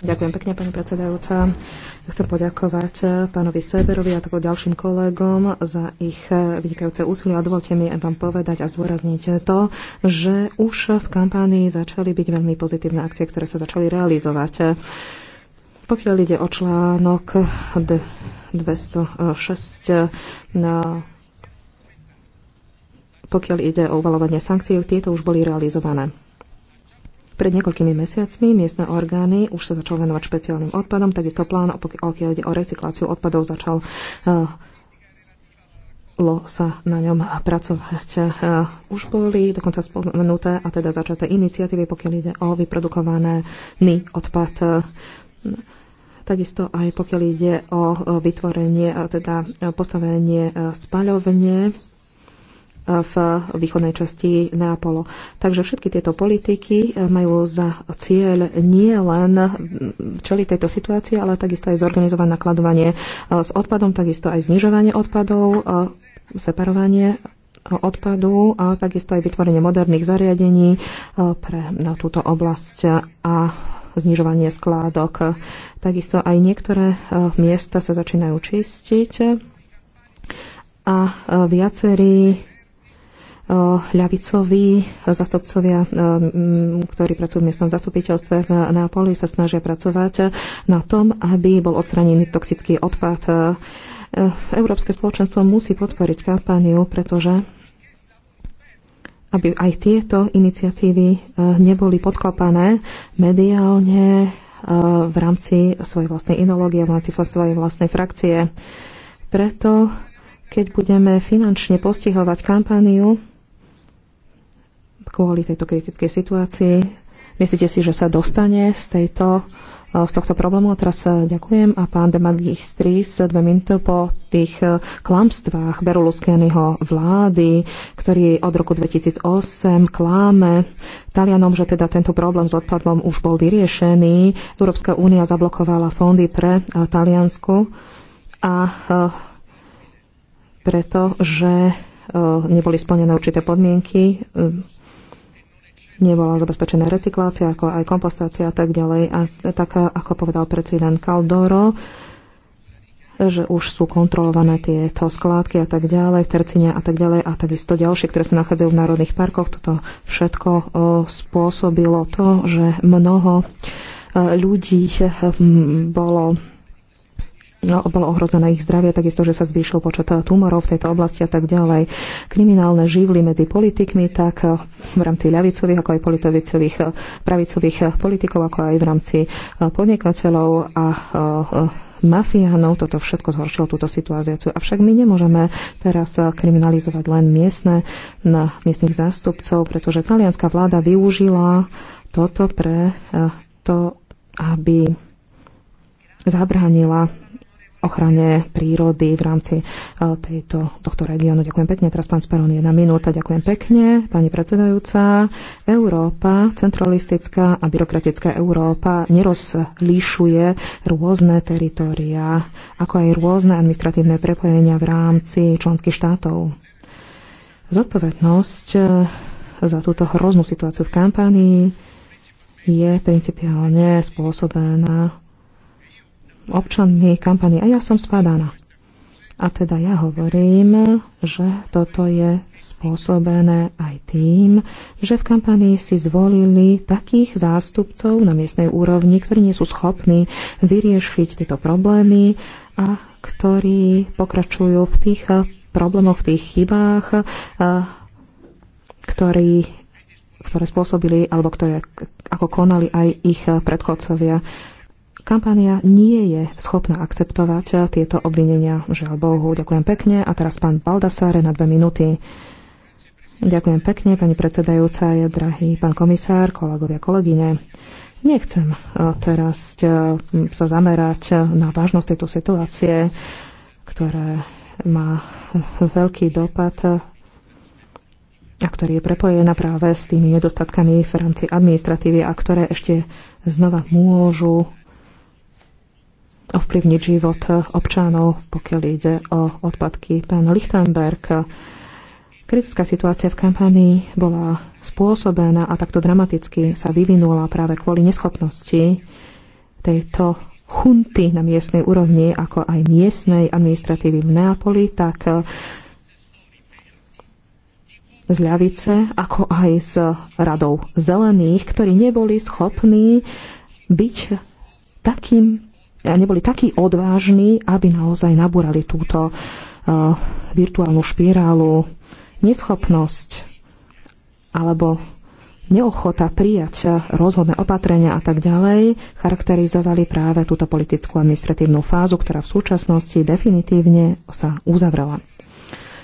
Speaker 2: Ďakujem pekne, pani predsedajúca. Chcem poďakovať eh, pánovi Severovi a tako ďalším kolegom za ich vynikajúce úsilie. A dovolte mi vám povedať a zdôrazniť to, že už v kampánii začali byť veľmi pozitívne akcie, ktoré sa začali realizovať. Pokiaľ ide o článok 206 eh, na pokiaľ ide o uvalovanie sankcií, tieto už boli realizované. Pred niekoľkými mesiacmi miestne orgány už sa začal venovať špeciálnym odpadom, takisto plán, pokiaľ ide o recykláciu odpadov, začal eh, lo sa na ňom pracovať. Eh, už boli dokonca spomenuté a teda začaté iniciatívy, pokiaľ ide o vyprodukovaný odpad Takisto aj pokiaľ ide o vytvorenie, teda postavenie e, spaľovne e, v východnej časti Neapolu. Takže všetky tieto politiky e, majú za cieľ nie len čeliť tejto situácii, ale takisto aj zorganizovať nakladovanie s odpadom, takisto aj znižovanie odpadov, separovanie odpadu a takisto aj vytvorenie moderných zariadení pre túto oblasť a znižovanie skládok. Takisto aj niektoré e, miesta sa začínajú čistiť a e, viacerí e, ľavicoví zastupcovia, ktorí pracujú v miestnom zastupiteľstve v Neapoli, sa snažia pracovať na tom, aby bol odstranený toxický odpad. Európske spoločenstvo musí podporiť kampániu, pretože aby aj tieto iniciatívy eh, neboli podkopané mediálne eh, v rámci svojej vlastnej ideológie, v rámci svojej vlastnej frakcie. Preto, keď budeme finančne postihovať kampániu kvôli tejto kritickej situácii, Myslíte si, že sa dostane z, tejto, eh, z tohto problému? A teraz eh, ďakujem. A pán de Magistris, eh, dve minúty po tých klamstvách Berlusconiho vlády, ktorý od roku 2008 kláme Talianom, že teda tento problém s odpadom už bol vyriešený. Európska únia zablokovala fondy pre Taliansku a preto, že neboli splnené určité podmienky nebola zabezpečená recyklácia, ako aj kompostácia a tak ďalej. A tak, ako povedal prezident Caldoro, že už sú kontrolované tieto skládky a tak ďalej, tercine a tak ďalej a takisto ďalšie, ktoré sa nachádzajú v národných parkoch. Toto všetko o, spôsobilo to, že mnoho e, ľudí hm, bolo No, bolo ohrozené ich zdravie, takisto, že sa zvýšil počet tumorov v tejto oblasti a tak ďalej. Kriminálne živly medzi politikmi, tak v rámci ľavicových, ako aj politovicových, pravicových politikov, ako aj v rámci e, podnikateľov a e, mafiánov. Toto všetko zhoršilo túto situáciu. Avšak my nemôžeme teraz kriminalizovať len miestne, na miestnych zástupcov, pretože talianská vláda využila toto pre e, to, aby zabránila ochrane prírody v rámci e, tejto, tohto regiónu. Ďakujem pekne. Teraz pán Speron, jedna minúta. Ďakujem pekne, pani predsedajúca. Európa, centralistická a byrokratická Európa nerozlíšuje rôzne teritória, ako aj rôzne administratívne prepojenia v rámci členských štátov. Zodpovednosť e, za túto hroznú situáciu v kampanii je principiálne spôsobená občanmi kampany. A ja som spadaná. A teda ja hovorím, že toto je spôsobené aj tým, že v kampanii si zvolili takých zástupcov na miestnej úrovni, ktorí nie sú schopní vyriešiť tieto problémy a ktorí pokračujú v tých problémoch, v tých chybách, ktorí, ktoré spôsobili alebo ktoré ako konali aj ich predchodcovia. Kampania nie je schopná akceptovať eh, tieto obvinenia. Žiaľ Bohu. Ďakujem pekne. A teraz pán Baldassare na dve minúty. Ďakujem pekne, pani predsedajúca, je drahý pán komisár, kolegovia, kolegyne. Nechcem eh, teraz eh, sa zamerať na vážnosť tejto situácie, ktoré má veľký dopad a ktorý je prepojená práve s tými nedostatkami v rámci administratívy a ktoré ešte znova môžu ovplyvniť život občanov, pokiaľ ide o odpadky. Pán Lichtenberg, kritická situácia v kampanii bola spôsobená a takto dramaticky sa vyvinula práve kvôli neschopnosti tejto chunty na miestnej úrovni, ako aj miestnej administratívy v Neapoli, tak z ľavice, ako aj s radou zelených, ktorí neboli schopní byť takým neboli takí odvážni, aby naozaj nabúrali túto eh, virtuálnu špirálu. Neschopnosť alebo neochota prijať rozhodné opatrenia a tak ďalej charakterizovali práve túto politickú administratívnu fázu, ktorá v súčasnosti definitívne sa uzavrela.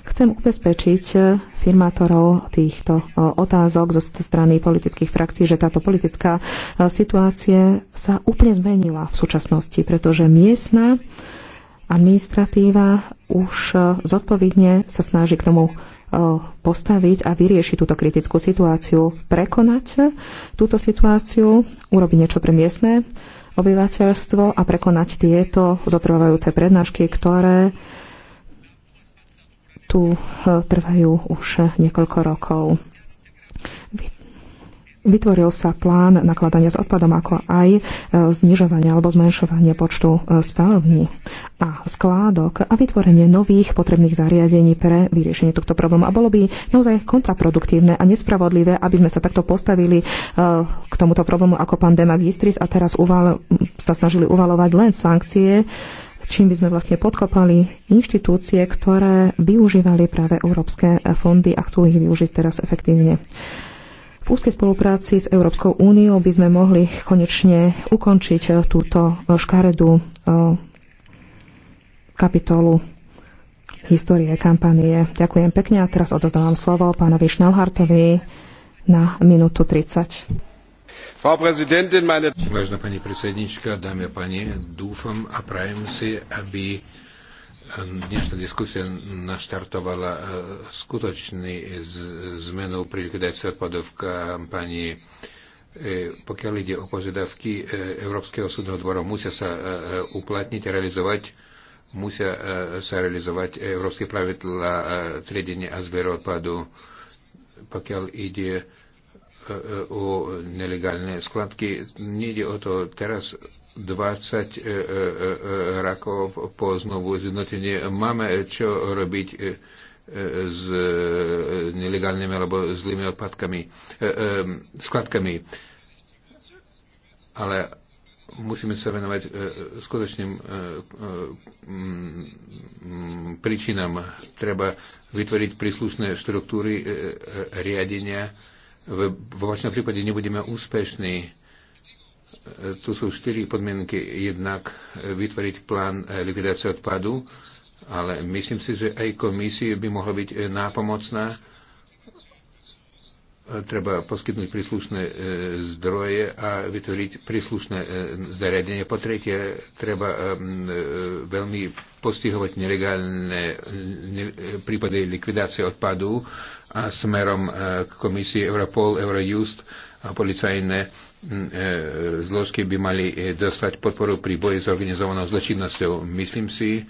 Speaker 2: Chcem ubezpečiť e, firmátorov týchto e, otázok zo strany politických frakcií, že táto politická e, situácia sa úplne zmenila v súčasnosti, pretože miestna administratíva už zodpovedne sa snaží k tomu postaviť a vyriešiť túto kritickú situáciu, prekonať túto situáciu, urobiť niečo pre miestne obyvateľstvo a prekonať tieto zotrvávajúce prednášky, ktoré tu eh, trvajú už niekoľko rokov. Vytvoril sa plán nakladania s odpadom, ako aj eh, znižovanie alebo zmenšovanie počtu eh, spální a skládok a vytvorenie nových potrebných zariadení pre vyriešenie tohto problému. A bolo by naozaj kontraproduktívne a nespravodlivé, aby sme sa takto postavili k tomuto problému ako pán Demagistris a teraz uval- sa snažili uvalovať len sankcie čím by sme vlastne podkopali inštitúcie, ktoré využívali práve európske fondy a chcú ich využiť teraz efektívne. V úzkej spolupráci s Európskou úniou by sme mohli konečne ukončiť e, túto e, škaredú e, kapitolu histórie kampanie. Ďakujem pekne a teraz odozdávam slovo pánovi Šnelhartovi na minútu 30
Speaker 1: vážená pani predsedníčka dámy a páni, dúfam a prajem si, aby eh, dnešná diskusia naštartovala eh, skutočnú zmenu pri likvidácii odpadov v kampanii. Eh, pokiaľ ide o požiadavky Európskeho súdneho dvora, musia sa uplatniť a realizovať musia sa realizovať európske pravidla triedenia a zberu odpadu, pokiaľ ide o nelegálne skladky. Nejde o to teraz 20 rakov po znovu zjednotenie. Máme čo robiť s nelegálnymi alebo zlými odpadkami, skladkami. Ale musíme sa venovať skutočným príčinám. Treba vytvoriť príslušné štruktúry riadenia v opačnom prípade nebudeme úspešní. Tu sú štyri podmienky. Jednak vytvoriť plán eh, likvidácie odpadu, ale myslím si, že aj komisie by mohla byť eh, nápomocná treba poskytnúť príslušné e, zdroje a vytvoriť príslušné e, zariadenie. Po tretie, treba e, veľmi postihovať nelegálne prípady likvidácie odpadu a smerom k komisii Europol, Eurojust a policajné zložky by mali dostať podporu pri boji s organizovanou zločinnosťou. Myslím si,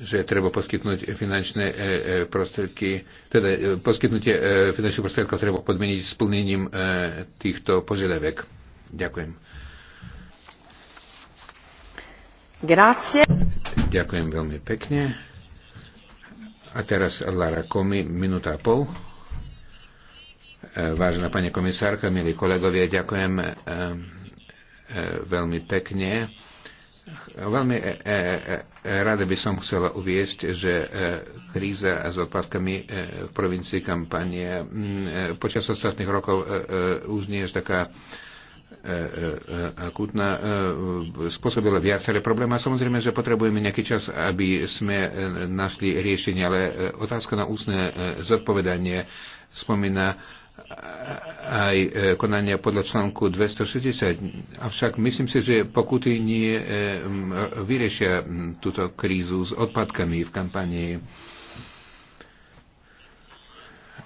Speaker 1: že treba poskytnúť finančné e, e, prostriedky, teda e, poskytnutie finančných prostriedkov treba podmeniť splnením týchto požiadaviek. Ďakujem.
Speaker 2: Grazie.
Speaker 1: Ďakujem veľmi pekne. A teraz Lara Komi, minúta a pol. Vážená pani komisárka, milí kolegovia, ďakujem veľmi pekne Veľmi e, e, e, rada by som chcela uviesť, že kríza s odpadkami v provincii kampanie počas ostatných rokov už nie je taká akutná, spôsobila viaceré problémy a samozrejme, že potrebujeme nejaký čas, aby sme našli riešenie, ale otázka na ústne zodpovedanie spomína aj e, konania podľa článku 260. Avšak myslím si, že pokuty nie e, vyriešia túto krízu s odpadkami v kampanii.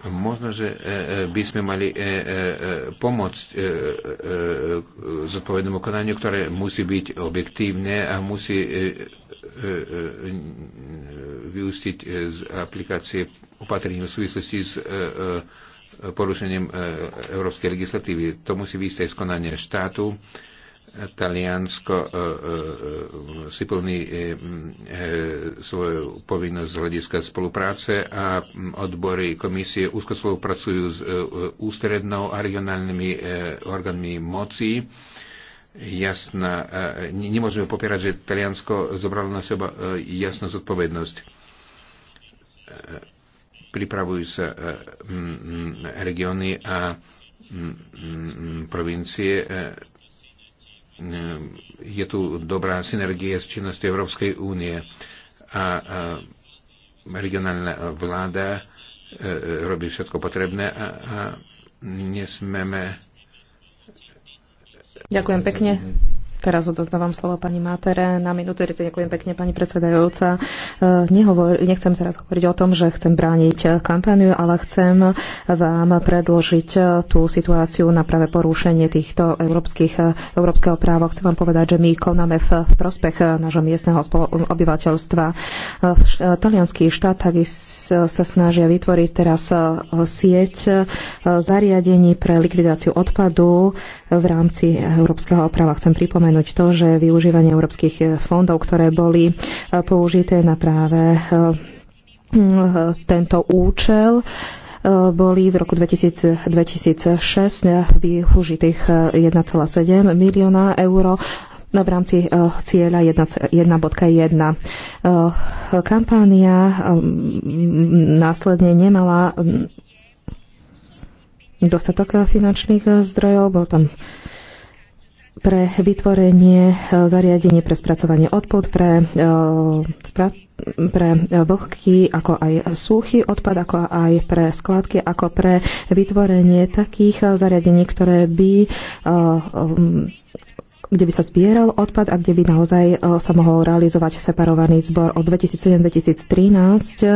Speaker 1: Možno, že e, by sme mali pomôcť zodpovednému konaniu, ktoré musí byť objektívne a musí vyústiť z aplikácie opatrení v súvislosti s porušením e, európskej legislatívy. To musí výjsť aj skonanie štátu. Taliansko e, e, si plní svoju povinnosť z hľadiska spolupráce a odbory komisie úzko spolupracujú s ústrednou a regionálnymi orgánmi moci. Jasná, nemôžeme popierať, že Taliansko zobralo na seba jasnú zodpovednosť pripravujú sa e, mm, regióny a mm, mm, provincie. E, je tu dobrá synergia s činnosťou Európskej únie a regionálna vláda e, robí všetko potrebné a nesmeme.
Speaker 2: Ďakujem pekne. Teraz odozdávam slovo pani Matere. Na minútu 30 ďakujem pekne, pani predsedajúca. Eh, nehovor, nechcem teraz hovoriť o tom, že chcem brániť eh, kampániu, ale chcem vám predložiť eh, tú situáciu na práve porušenie týchto európskych, európskeho práva. Chcem vám povedať, že my konáme v prospech nášho miestneho obyvateľstva. Talianský štát takisto sa snažia vytvoriť teraz sieť zariadení pre likvidáciu odpadu v rámci európskeho práva. Chcem pripomenúť, pripomenúť to, že využívanie európskych eh, fondov, ktoré boli eh, použité na práve eh, tento účel, boli v roku 2000, 2006 využitých 1,7 milióna eur v rámci cieľa 1.1. Kampánia mm, následne nemala mm, dostatok finančných zdrojov, bol tam pre vytvorenie e, zariadení pre spracovanie odpad, pre, e, pre vlhký, ako aj suchý odpad, ako aj pre skladky, ako pre vytvorenie takých e, zariadení, ktoré by kde by sa zbieral odpad a kde by naozaj e, sa mohol realizovať separovaný zbor. Od 2007-2013 e,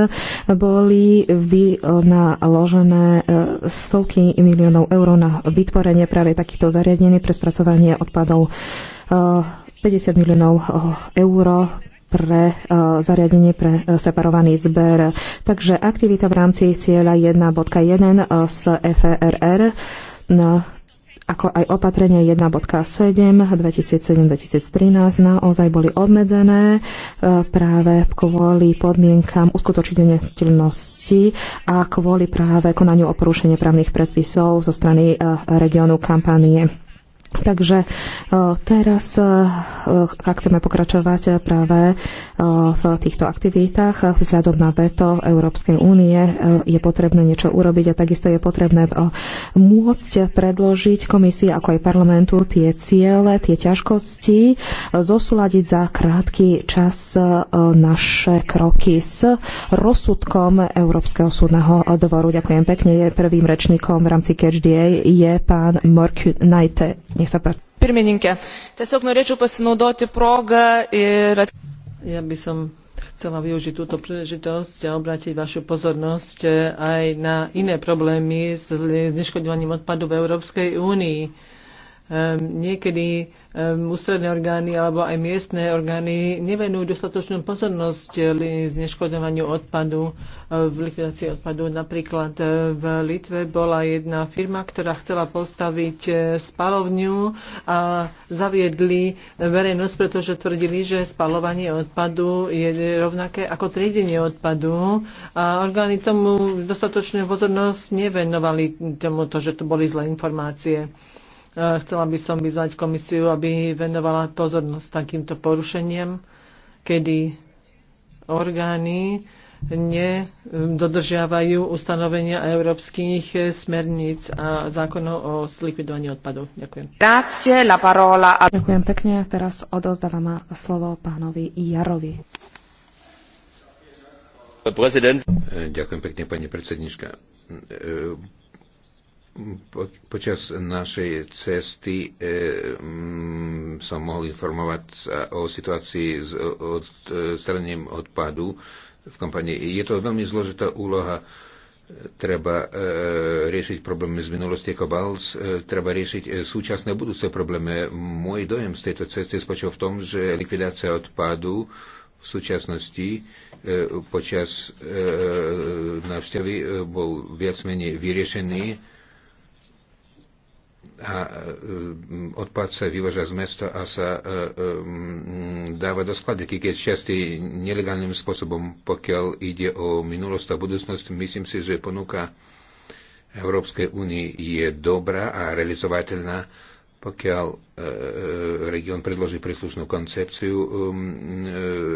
Speaker 2: boli vynaložené e, stovky miliónov eur na vytvorenie práve takýchto zariadení pre spracovanie odpadov 50 miliónov eur pre zariadenie pre separovaný zber. Takže aktivita v rámci cieľa 1.1 z FRR ako aj opatrenie 1.7 2007-2013 naozaj boli obmedzené e, práve kvôli podmienkam uskutočiteľnosti a kvôli práve konaniu o porušenie právnych predpisov zo strany e, regiónu kampanie. Takže e, teraz, e, ak chceme pokračovať e, práve v týchto aktivitách, vzhľadom na veto Európskej únie je potrebné niečo urobiť a takisto je potrebné môcť predložiť komisii ako aj parlamentu tie ciele, tie ťažkosti, zosúľadiť za krátky čas naše kroky s rozsudkom Európskeho súdneho dvoru. Ďakujem pekne. Prvým rečníkom v rámci CatchDA je pán Mark Najte. Nech sa páči.
Speaker 3: Pirmininkė, tiesiog norėčiau pasinaudoti progą ir... Ja by som chcela využiť túto príležitosť a obrátiť vašu pozornosť eh, aj na iné problémy s neškodovaním odpadu v Európskej únii Ehm, niekedy ehm, ústredné orgány alebo aj miestne orgány nevenujú dostatočnú pozornosť eh, zneškodovaniu odpadu, eh, v likvidácii odpadu. Napríklad eh, v Litve bola jedna firma, ktorá chcela postaviť spalovňu a zaviedli verejnosť, pretože tvrdili, že spalovanie odpadu je rovnaké ako triedenie odpadu a orgány tomu dostatočnú pozornosť nevenovali tomuto, že to boli zlé informácie. Chcela by som vyzvať komisiu, aby venovala pozornosť takýmto porušeniem, kedy orgány nedodržiavajú ustanovenia európskych smerníc a zákonov o zlikvidovaní odpadov. Ďakujem.
Speaker 2: Grazie, la parola. Ďakujem pekne. Teraz odozdávam slovo pánovi Jarovi.
Speaker 1: Prezident. Ďakujem pekne, pani predsednička po, počas našej cesty e, m, mm, som mohol informovať o situácii s e, stranením odpadu v kompanii. Je to veľmi zložitá úloha. E, treba e, riešiť problémy z minulosti ako BALS, e, treba riešiť e, súčasné budúce problémy. Môj dojem z tejto cesty spočíval v tom, že likvidácia odpadu v súčasnosti e, počas e, návštevy e, bol viac menej vyriešený a e, odpad sa vyváža z mesta a sa e, e, dáva do skladeky, keď časti nelegálnym spôsobom, pokiaľ ide o minulosť a budúcnosť. Myslím si, že ponuka Európskej únie je dobrá a realizovateľná, pokiaľ región predloží príslušnú koncepciu.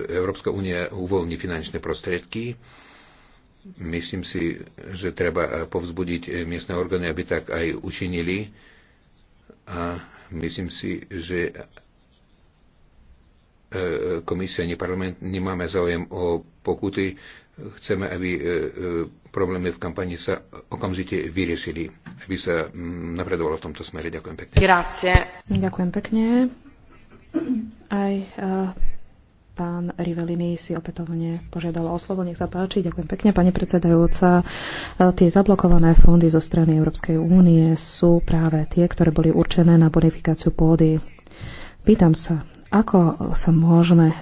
Speaker 1: Európska únia uvoľní finančné prostriedky. Myslím si, že treba povzbudiť miestne orgány, aby tak aj učinili a myslím si, že e, komisia ani parlament nemáme záujem o pokuty. Chceme, aby e, e, problémy v kampani sa okamžite vyriešili, aby sa mm, napredovalo v tomto smere. Ďakujem pekne.
Speaker 3: Grazie.
Speaker 2: Ďakujem pekne. Aj uh Pán Rivelini si opätovne požiadal o slovo. Nech sa páči. Ďakujem pekne, pani predsedajúca. E, tie zablokované fondy zo strany Európskej únie sú práve tie, ktoré boli určené na bonifikáciu pôdy. Pýtam sa, ako sa môžeme eh,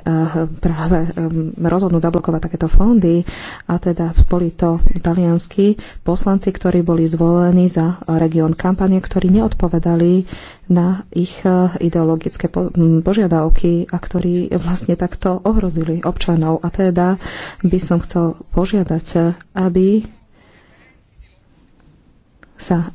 Speaker 2: práve eh, rozhodnúť zablokovať takéto fondy. A teda boli to talianskí poslanci, ktorí boli zvolení za región kampanie, ktorí neodpovedali na ich eh, ideologické hm, požiadavky a ktorí vlastne takto ohrozili občanov. A teda by som chcel požiadať, aby sa eh,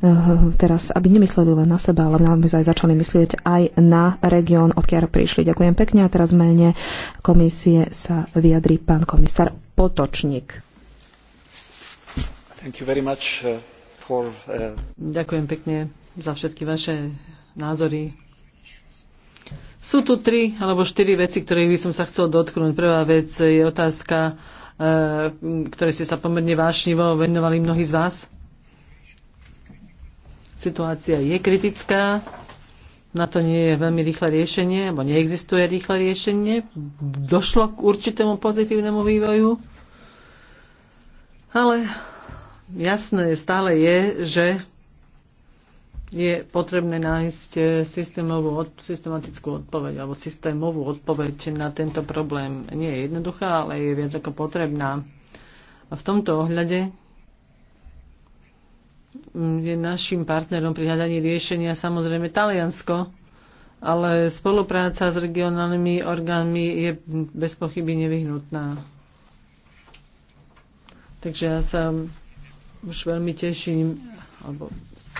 Speaker 2: teraz, aby nemysleli len na seba, ale aby sa aj začali myslieť aj na región, odkiaľ prišli. Ďakujem pekne a teraz mene komisie sa vyjadrí pán komisár Potočník.
Speaker 1: Thank you very much eh, for, uh...
Speaker 3: Ďakujem pekne za všetky vaše názory. Sú tu tri alebo štyri veci, ktorých by som sa chcel dotknúť. Prvá vec je otázka, ktoré ste sa pomerne vášnivo venovali mnohí z vás Situácia je kritická, na to nie je veľmi rýchle riešenie, alebo neexistuje rýchle riešenie. Došlo k určitému pozitívnemu vývoju, ale jasné stále je, že je potrebné nájsť systémovú, systematickú odpoveď alebo systémovú odpoveď na tento problém. Nie je jednoduchá, ale je viac ako potrebná. A v tomto ohľade je našim partnerom pri hľadaní riešenia samozrejme Taliansko, ale spolupráca s regionálnymi orgánmi je bez pochyby nevyhnutná. Takže ja sa už veľmi teším, alebo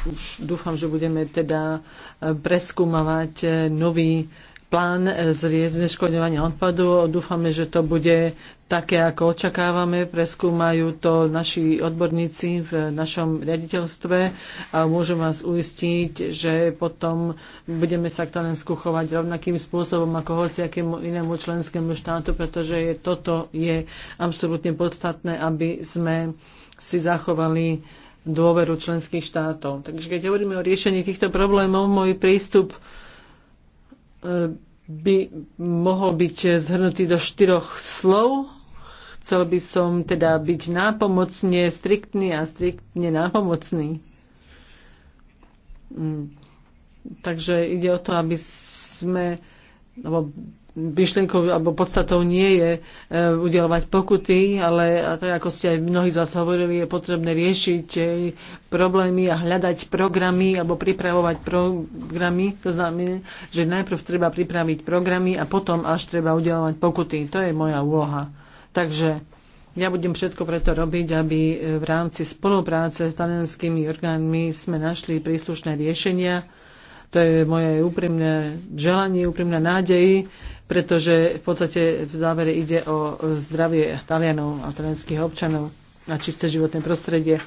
Speaker 3: už dúfam, že budeme teda eh, preskúmavať eh, nový plán eh, z riezne odpadu. Dúfame, že to bude také, ako očakávame. Preskúmajú to naši odborníci v našom riaditeľstve a môžem vás uistiť, že potom budeme sa k Talensku chovať rovnakým spôsobom ako hociakému inému členskému štátu, pretože je, toto je absolútne podstatné, aby sme si zachovali dôveru členských štátov. Takže keď hovoríme o riešení týchto problémov, môj prístup e, by mohol byť zhrnutý do štyroch slov. Chcel by som teda byť nápomocne striktný a striktne nápomocný. Mm. Takže ide o to, aby sme alebo myšlienkou alebo podstatou nie je e, udelovať pokuty, ale a to, ako ste aj mnohí z vás hovorili, je potrebné riešiť e, problémy a hľadať programy alebo pripravovať programy. To znamená, že najprv treba pripraviť programy a potom až treba udelovať pokuty. To je moja úloha. Takže ja budem všetko preto robiť, aby e, v rámci spolupráce s talianskými orgánmi sme našli príslušné riešenia. To je moje úprimné želanie, úprimné nádej, pretože v podstate v závere ide o zdravie Talianov a talianských občanov a čisté životné prostredie.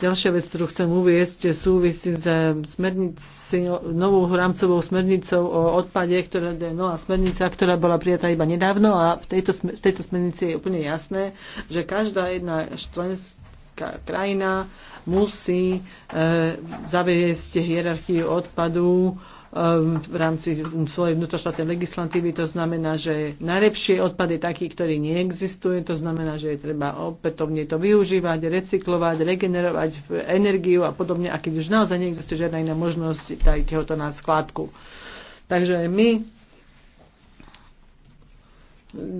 Speaker 3: Ďalšia vec, ktorú chcem uviezť, súvisí s eh, smernici, novou rámcovou smernicou o odpade, ktorá je nová smernica, ktorá bola prijatá iba nedávno a v tejto, z tejto smernici je úplne jasné, že každá jedna členská krajina musí e, zaviesť hierarchiu odpadu, e, v rámci svojej vnútroštátnej legislatívy. To znamená, že najlepšie odpad je taký, ktorý neexistuje. To znamená, že je treba opätovne to využívať, recyklovať, regenerovať energiu a podobne. A keď už naozaj neexistuje žiadna iná možnosť, dajte ho to na skládku. Takže my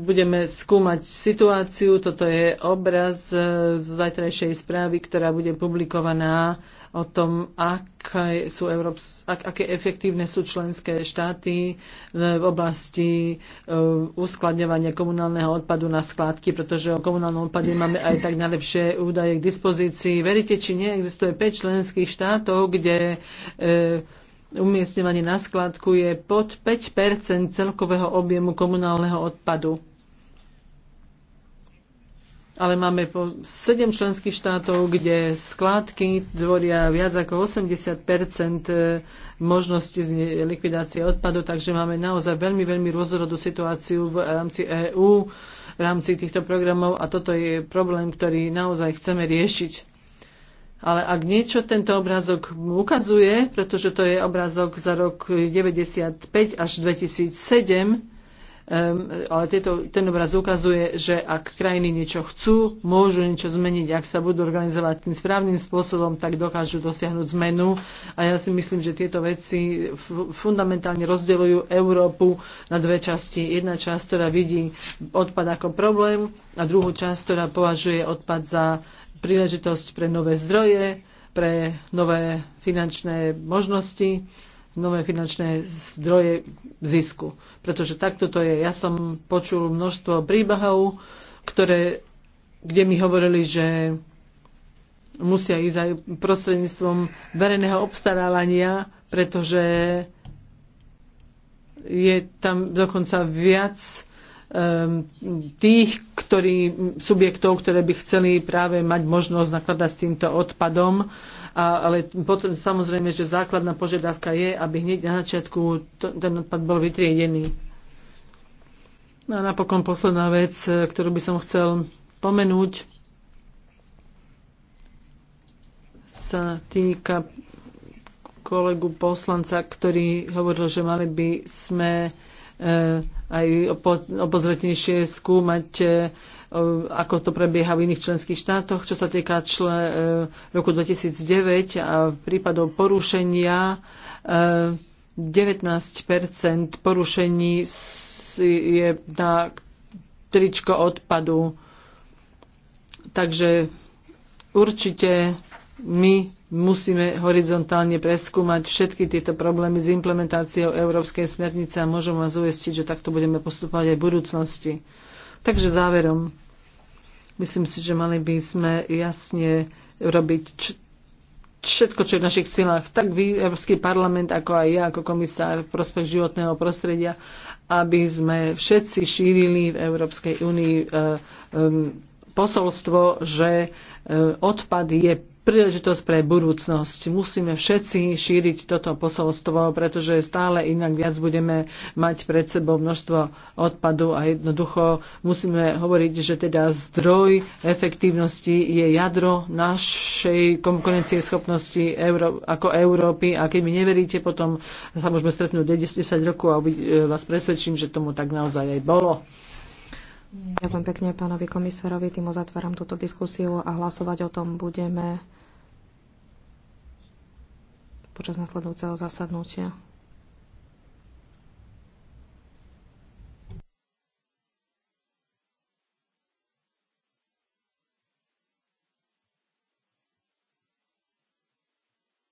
Speaker 3: budeme skúmať situáciu. Toto je obraz z zajtrajšej správy, ktorá bude publikovaná o tom, aké sú Európs- ak, aké efektívne sú členské štáty v oblasti eh, uskladňovania komunálneho odpadu na skládky, pretože o komunálnom odpade máme aj tak najlepšie údaje k dispozícii. Veríte, či neexistuje 5 členských štátov, kde eh, umiestňovanie na skladku je pod 5 celkového objemu komunálneho odpadu? ale máme 7 členských štátov, kde skládky tvoria viac ako 80 e, možnosti likvidácie odpadu, takže máme naozaj veľmi, veľmi rôznorodú situáciu v rámci EÚ, v rámci týchto programov a toto je problém, ktorý naozaj chceme riešiť. Ale ak niečo tento obrázok ukazuje, pretože to je obrázok za rok 95 až 2007, ale tieto, ten obraz ukazuje, že ak krajiny niečo chcú, môžu niečo zmeniť. Ak sa budú organizovať tým správnym spôsobom, tak dokážu dosiahnuť zmenu. A ja si myslím, že tieto veci fundamentálne rozdeľujú Európu na dve časti. Jedna časť, ktorá vidí odpad ako problém a druhú časť, ktorá považuje odpad za príležitosť pre nové zdroje, pre nové finančné možnosti nové finančné zdroje zisku. Pretože takto to je. Ja som počul množstvo príbehov, ktoré, kde mi hovorili, že musia ísť aj prostredníctvom verejného obstarávania, pretože je tam dokonca viac um, tých ktorý, subjektov, ktoré by chceli práve mať možnosť nakladať s týmto odpadom. A, ale potom samozrejme, že základná požiadavka je, aby hneď na začiatku to, ten odpad bol vytriedený. No a napokon posledná vec, e, ktorú by som chcel pomenúť, sa týka kolegu poslanca, ktorý hovoril, že mali by sme e, aj opozretnejšie skúmať e, E, ako to prebieha v iných členských štátoch, čo sa týka čle, e, roku 2009 a prípadov porušenia 19 e, porušení je na tričko odpadu. Takže určite my musíme horizontálne preskúmať všetky tieto problémy s implementáciou Európskej smernice a môžem vás uistiť, že takto budeme postupovať aj v budúcnosti. Takže záverom. Myslím si, že mali by sme jasne robiť všetko, čo je v našich silách, tak vy, Európsky parlament, ako aj ja, ako komisár v prospech životného prostredia, aby sme všetci šírili v Európskej únii e, e, posolstvo, že e, odpad je príležitosť pre budúcnosť. Musíme všetci šíriť toto posolstvo, pretože stále inak viac budeme mať pred sebou množstvo odpadu a jednoducho musíme hovoriť, že teda zdroj efektívnosti je jadro našej konkurencie schopnosti Euró- ako Európy a keď mi neveríte, potom sa môžeme stretnúť 10 rokov a e, vás presvedčím, že tomu tak naozaj aj bolo.
Speaker 2: Ďakujem pekne pánovi komisárovi, tým uzatváram túto diskusiu a hlasovať o tom budeme počas nasledujúceho zasadnutia.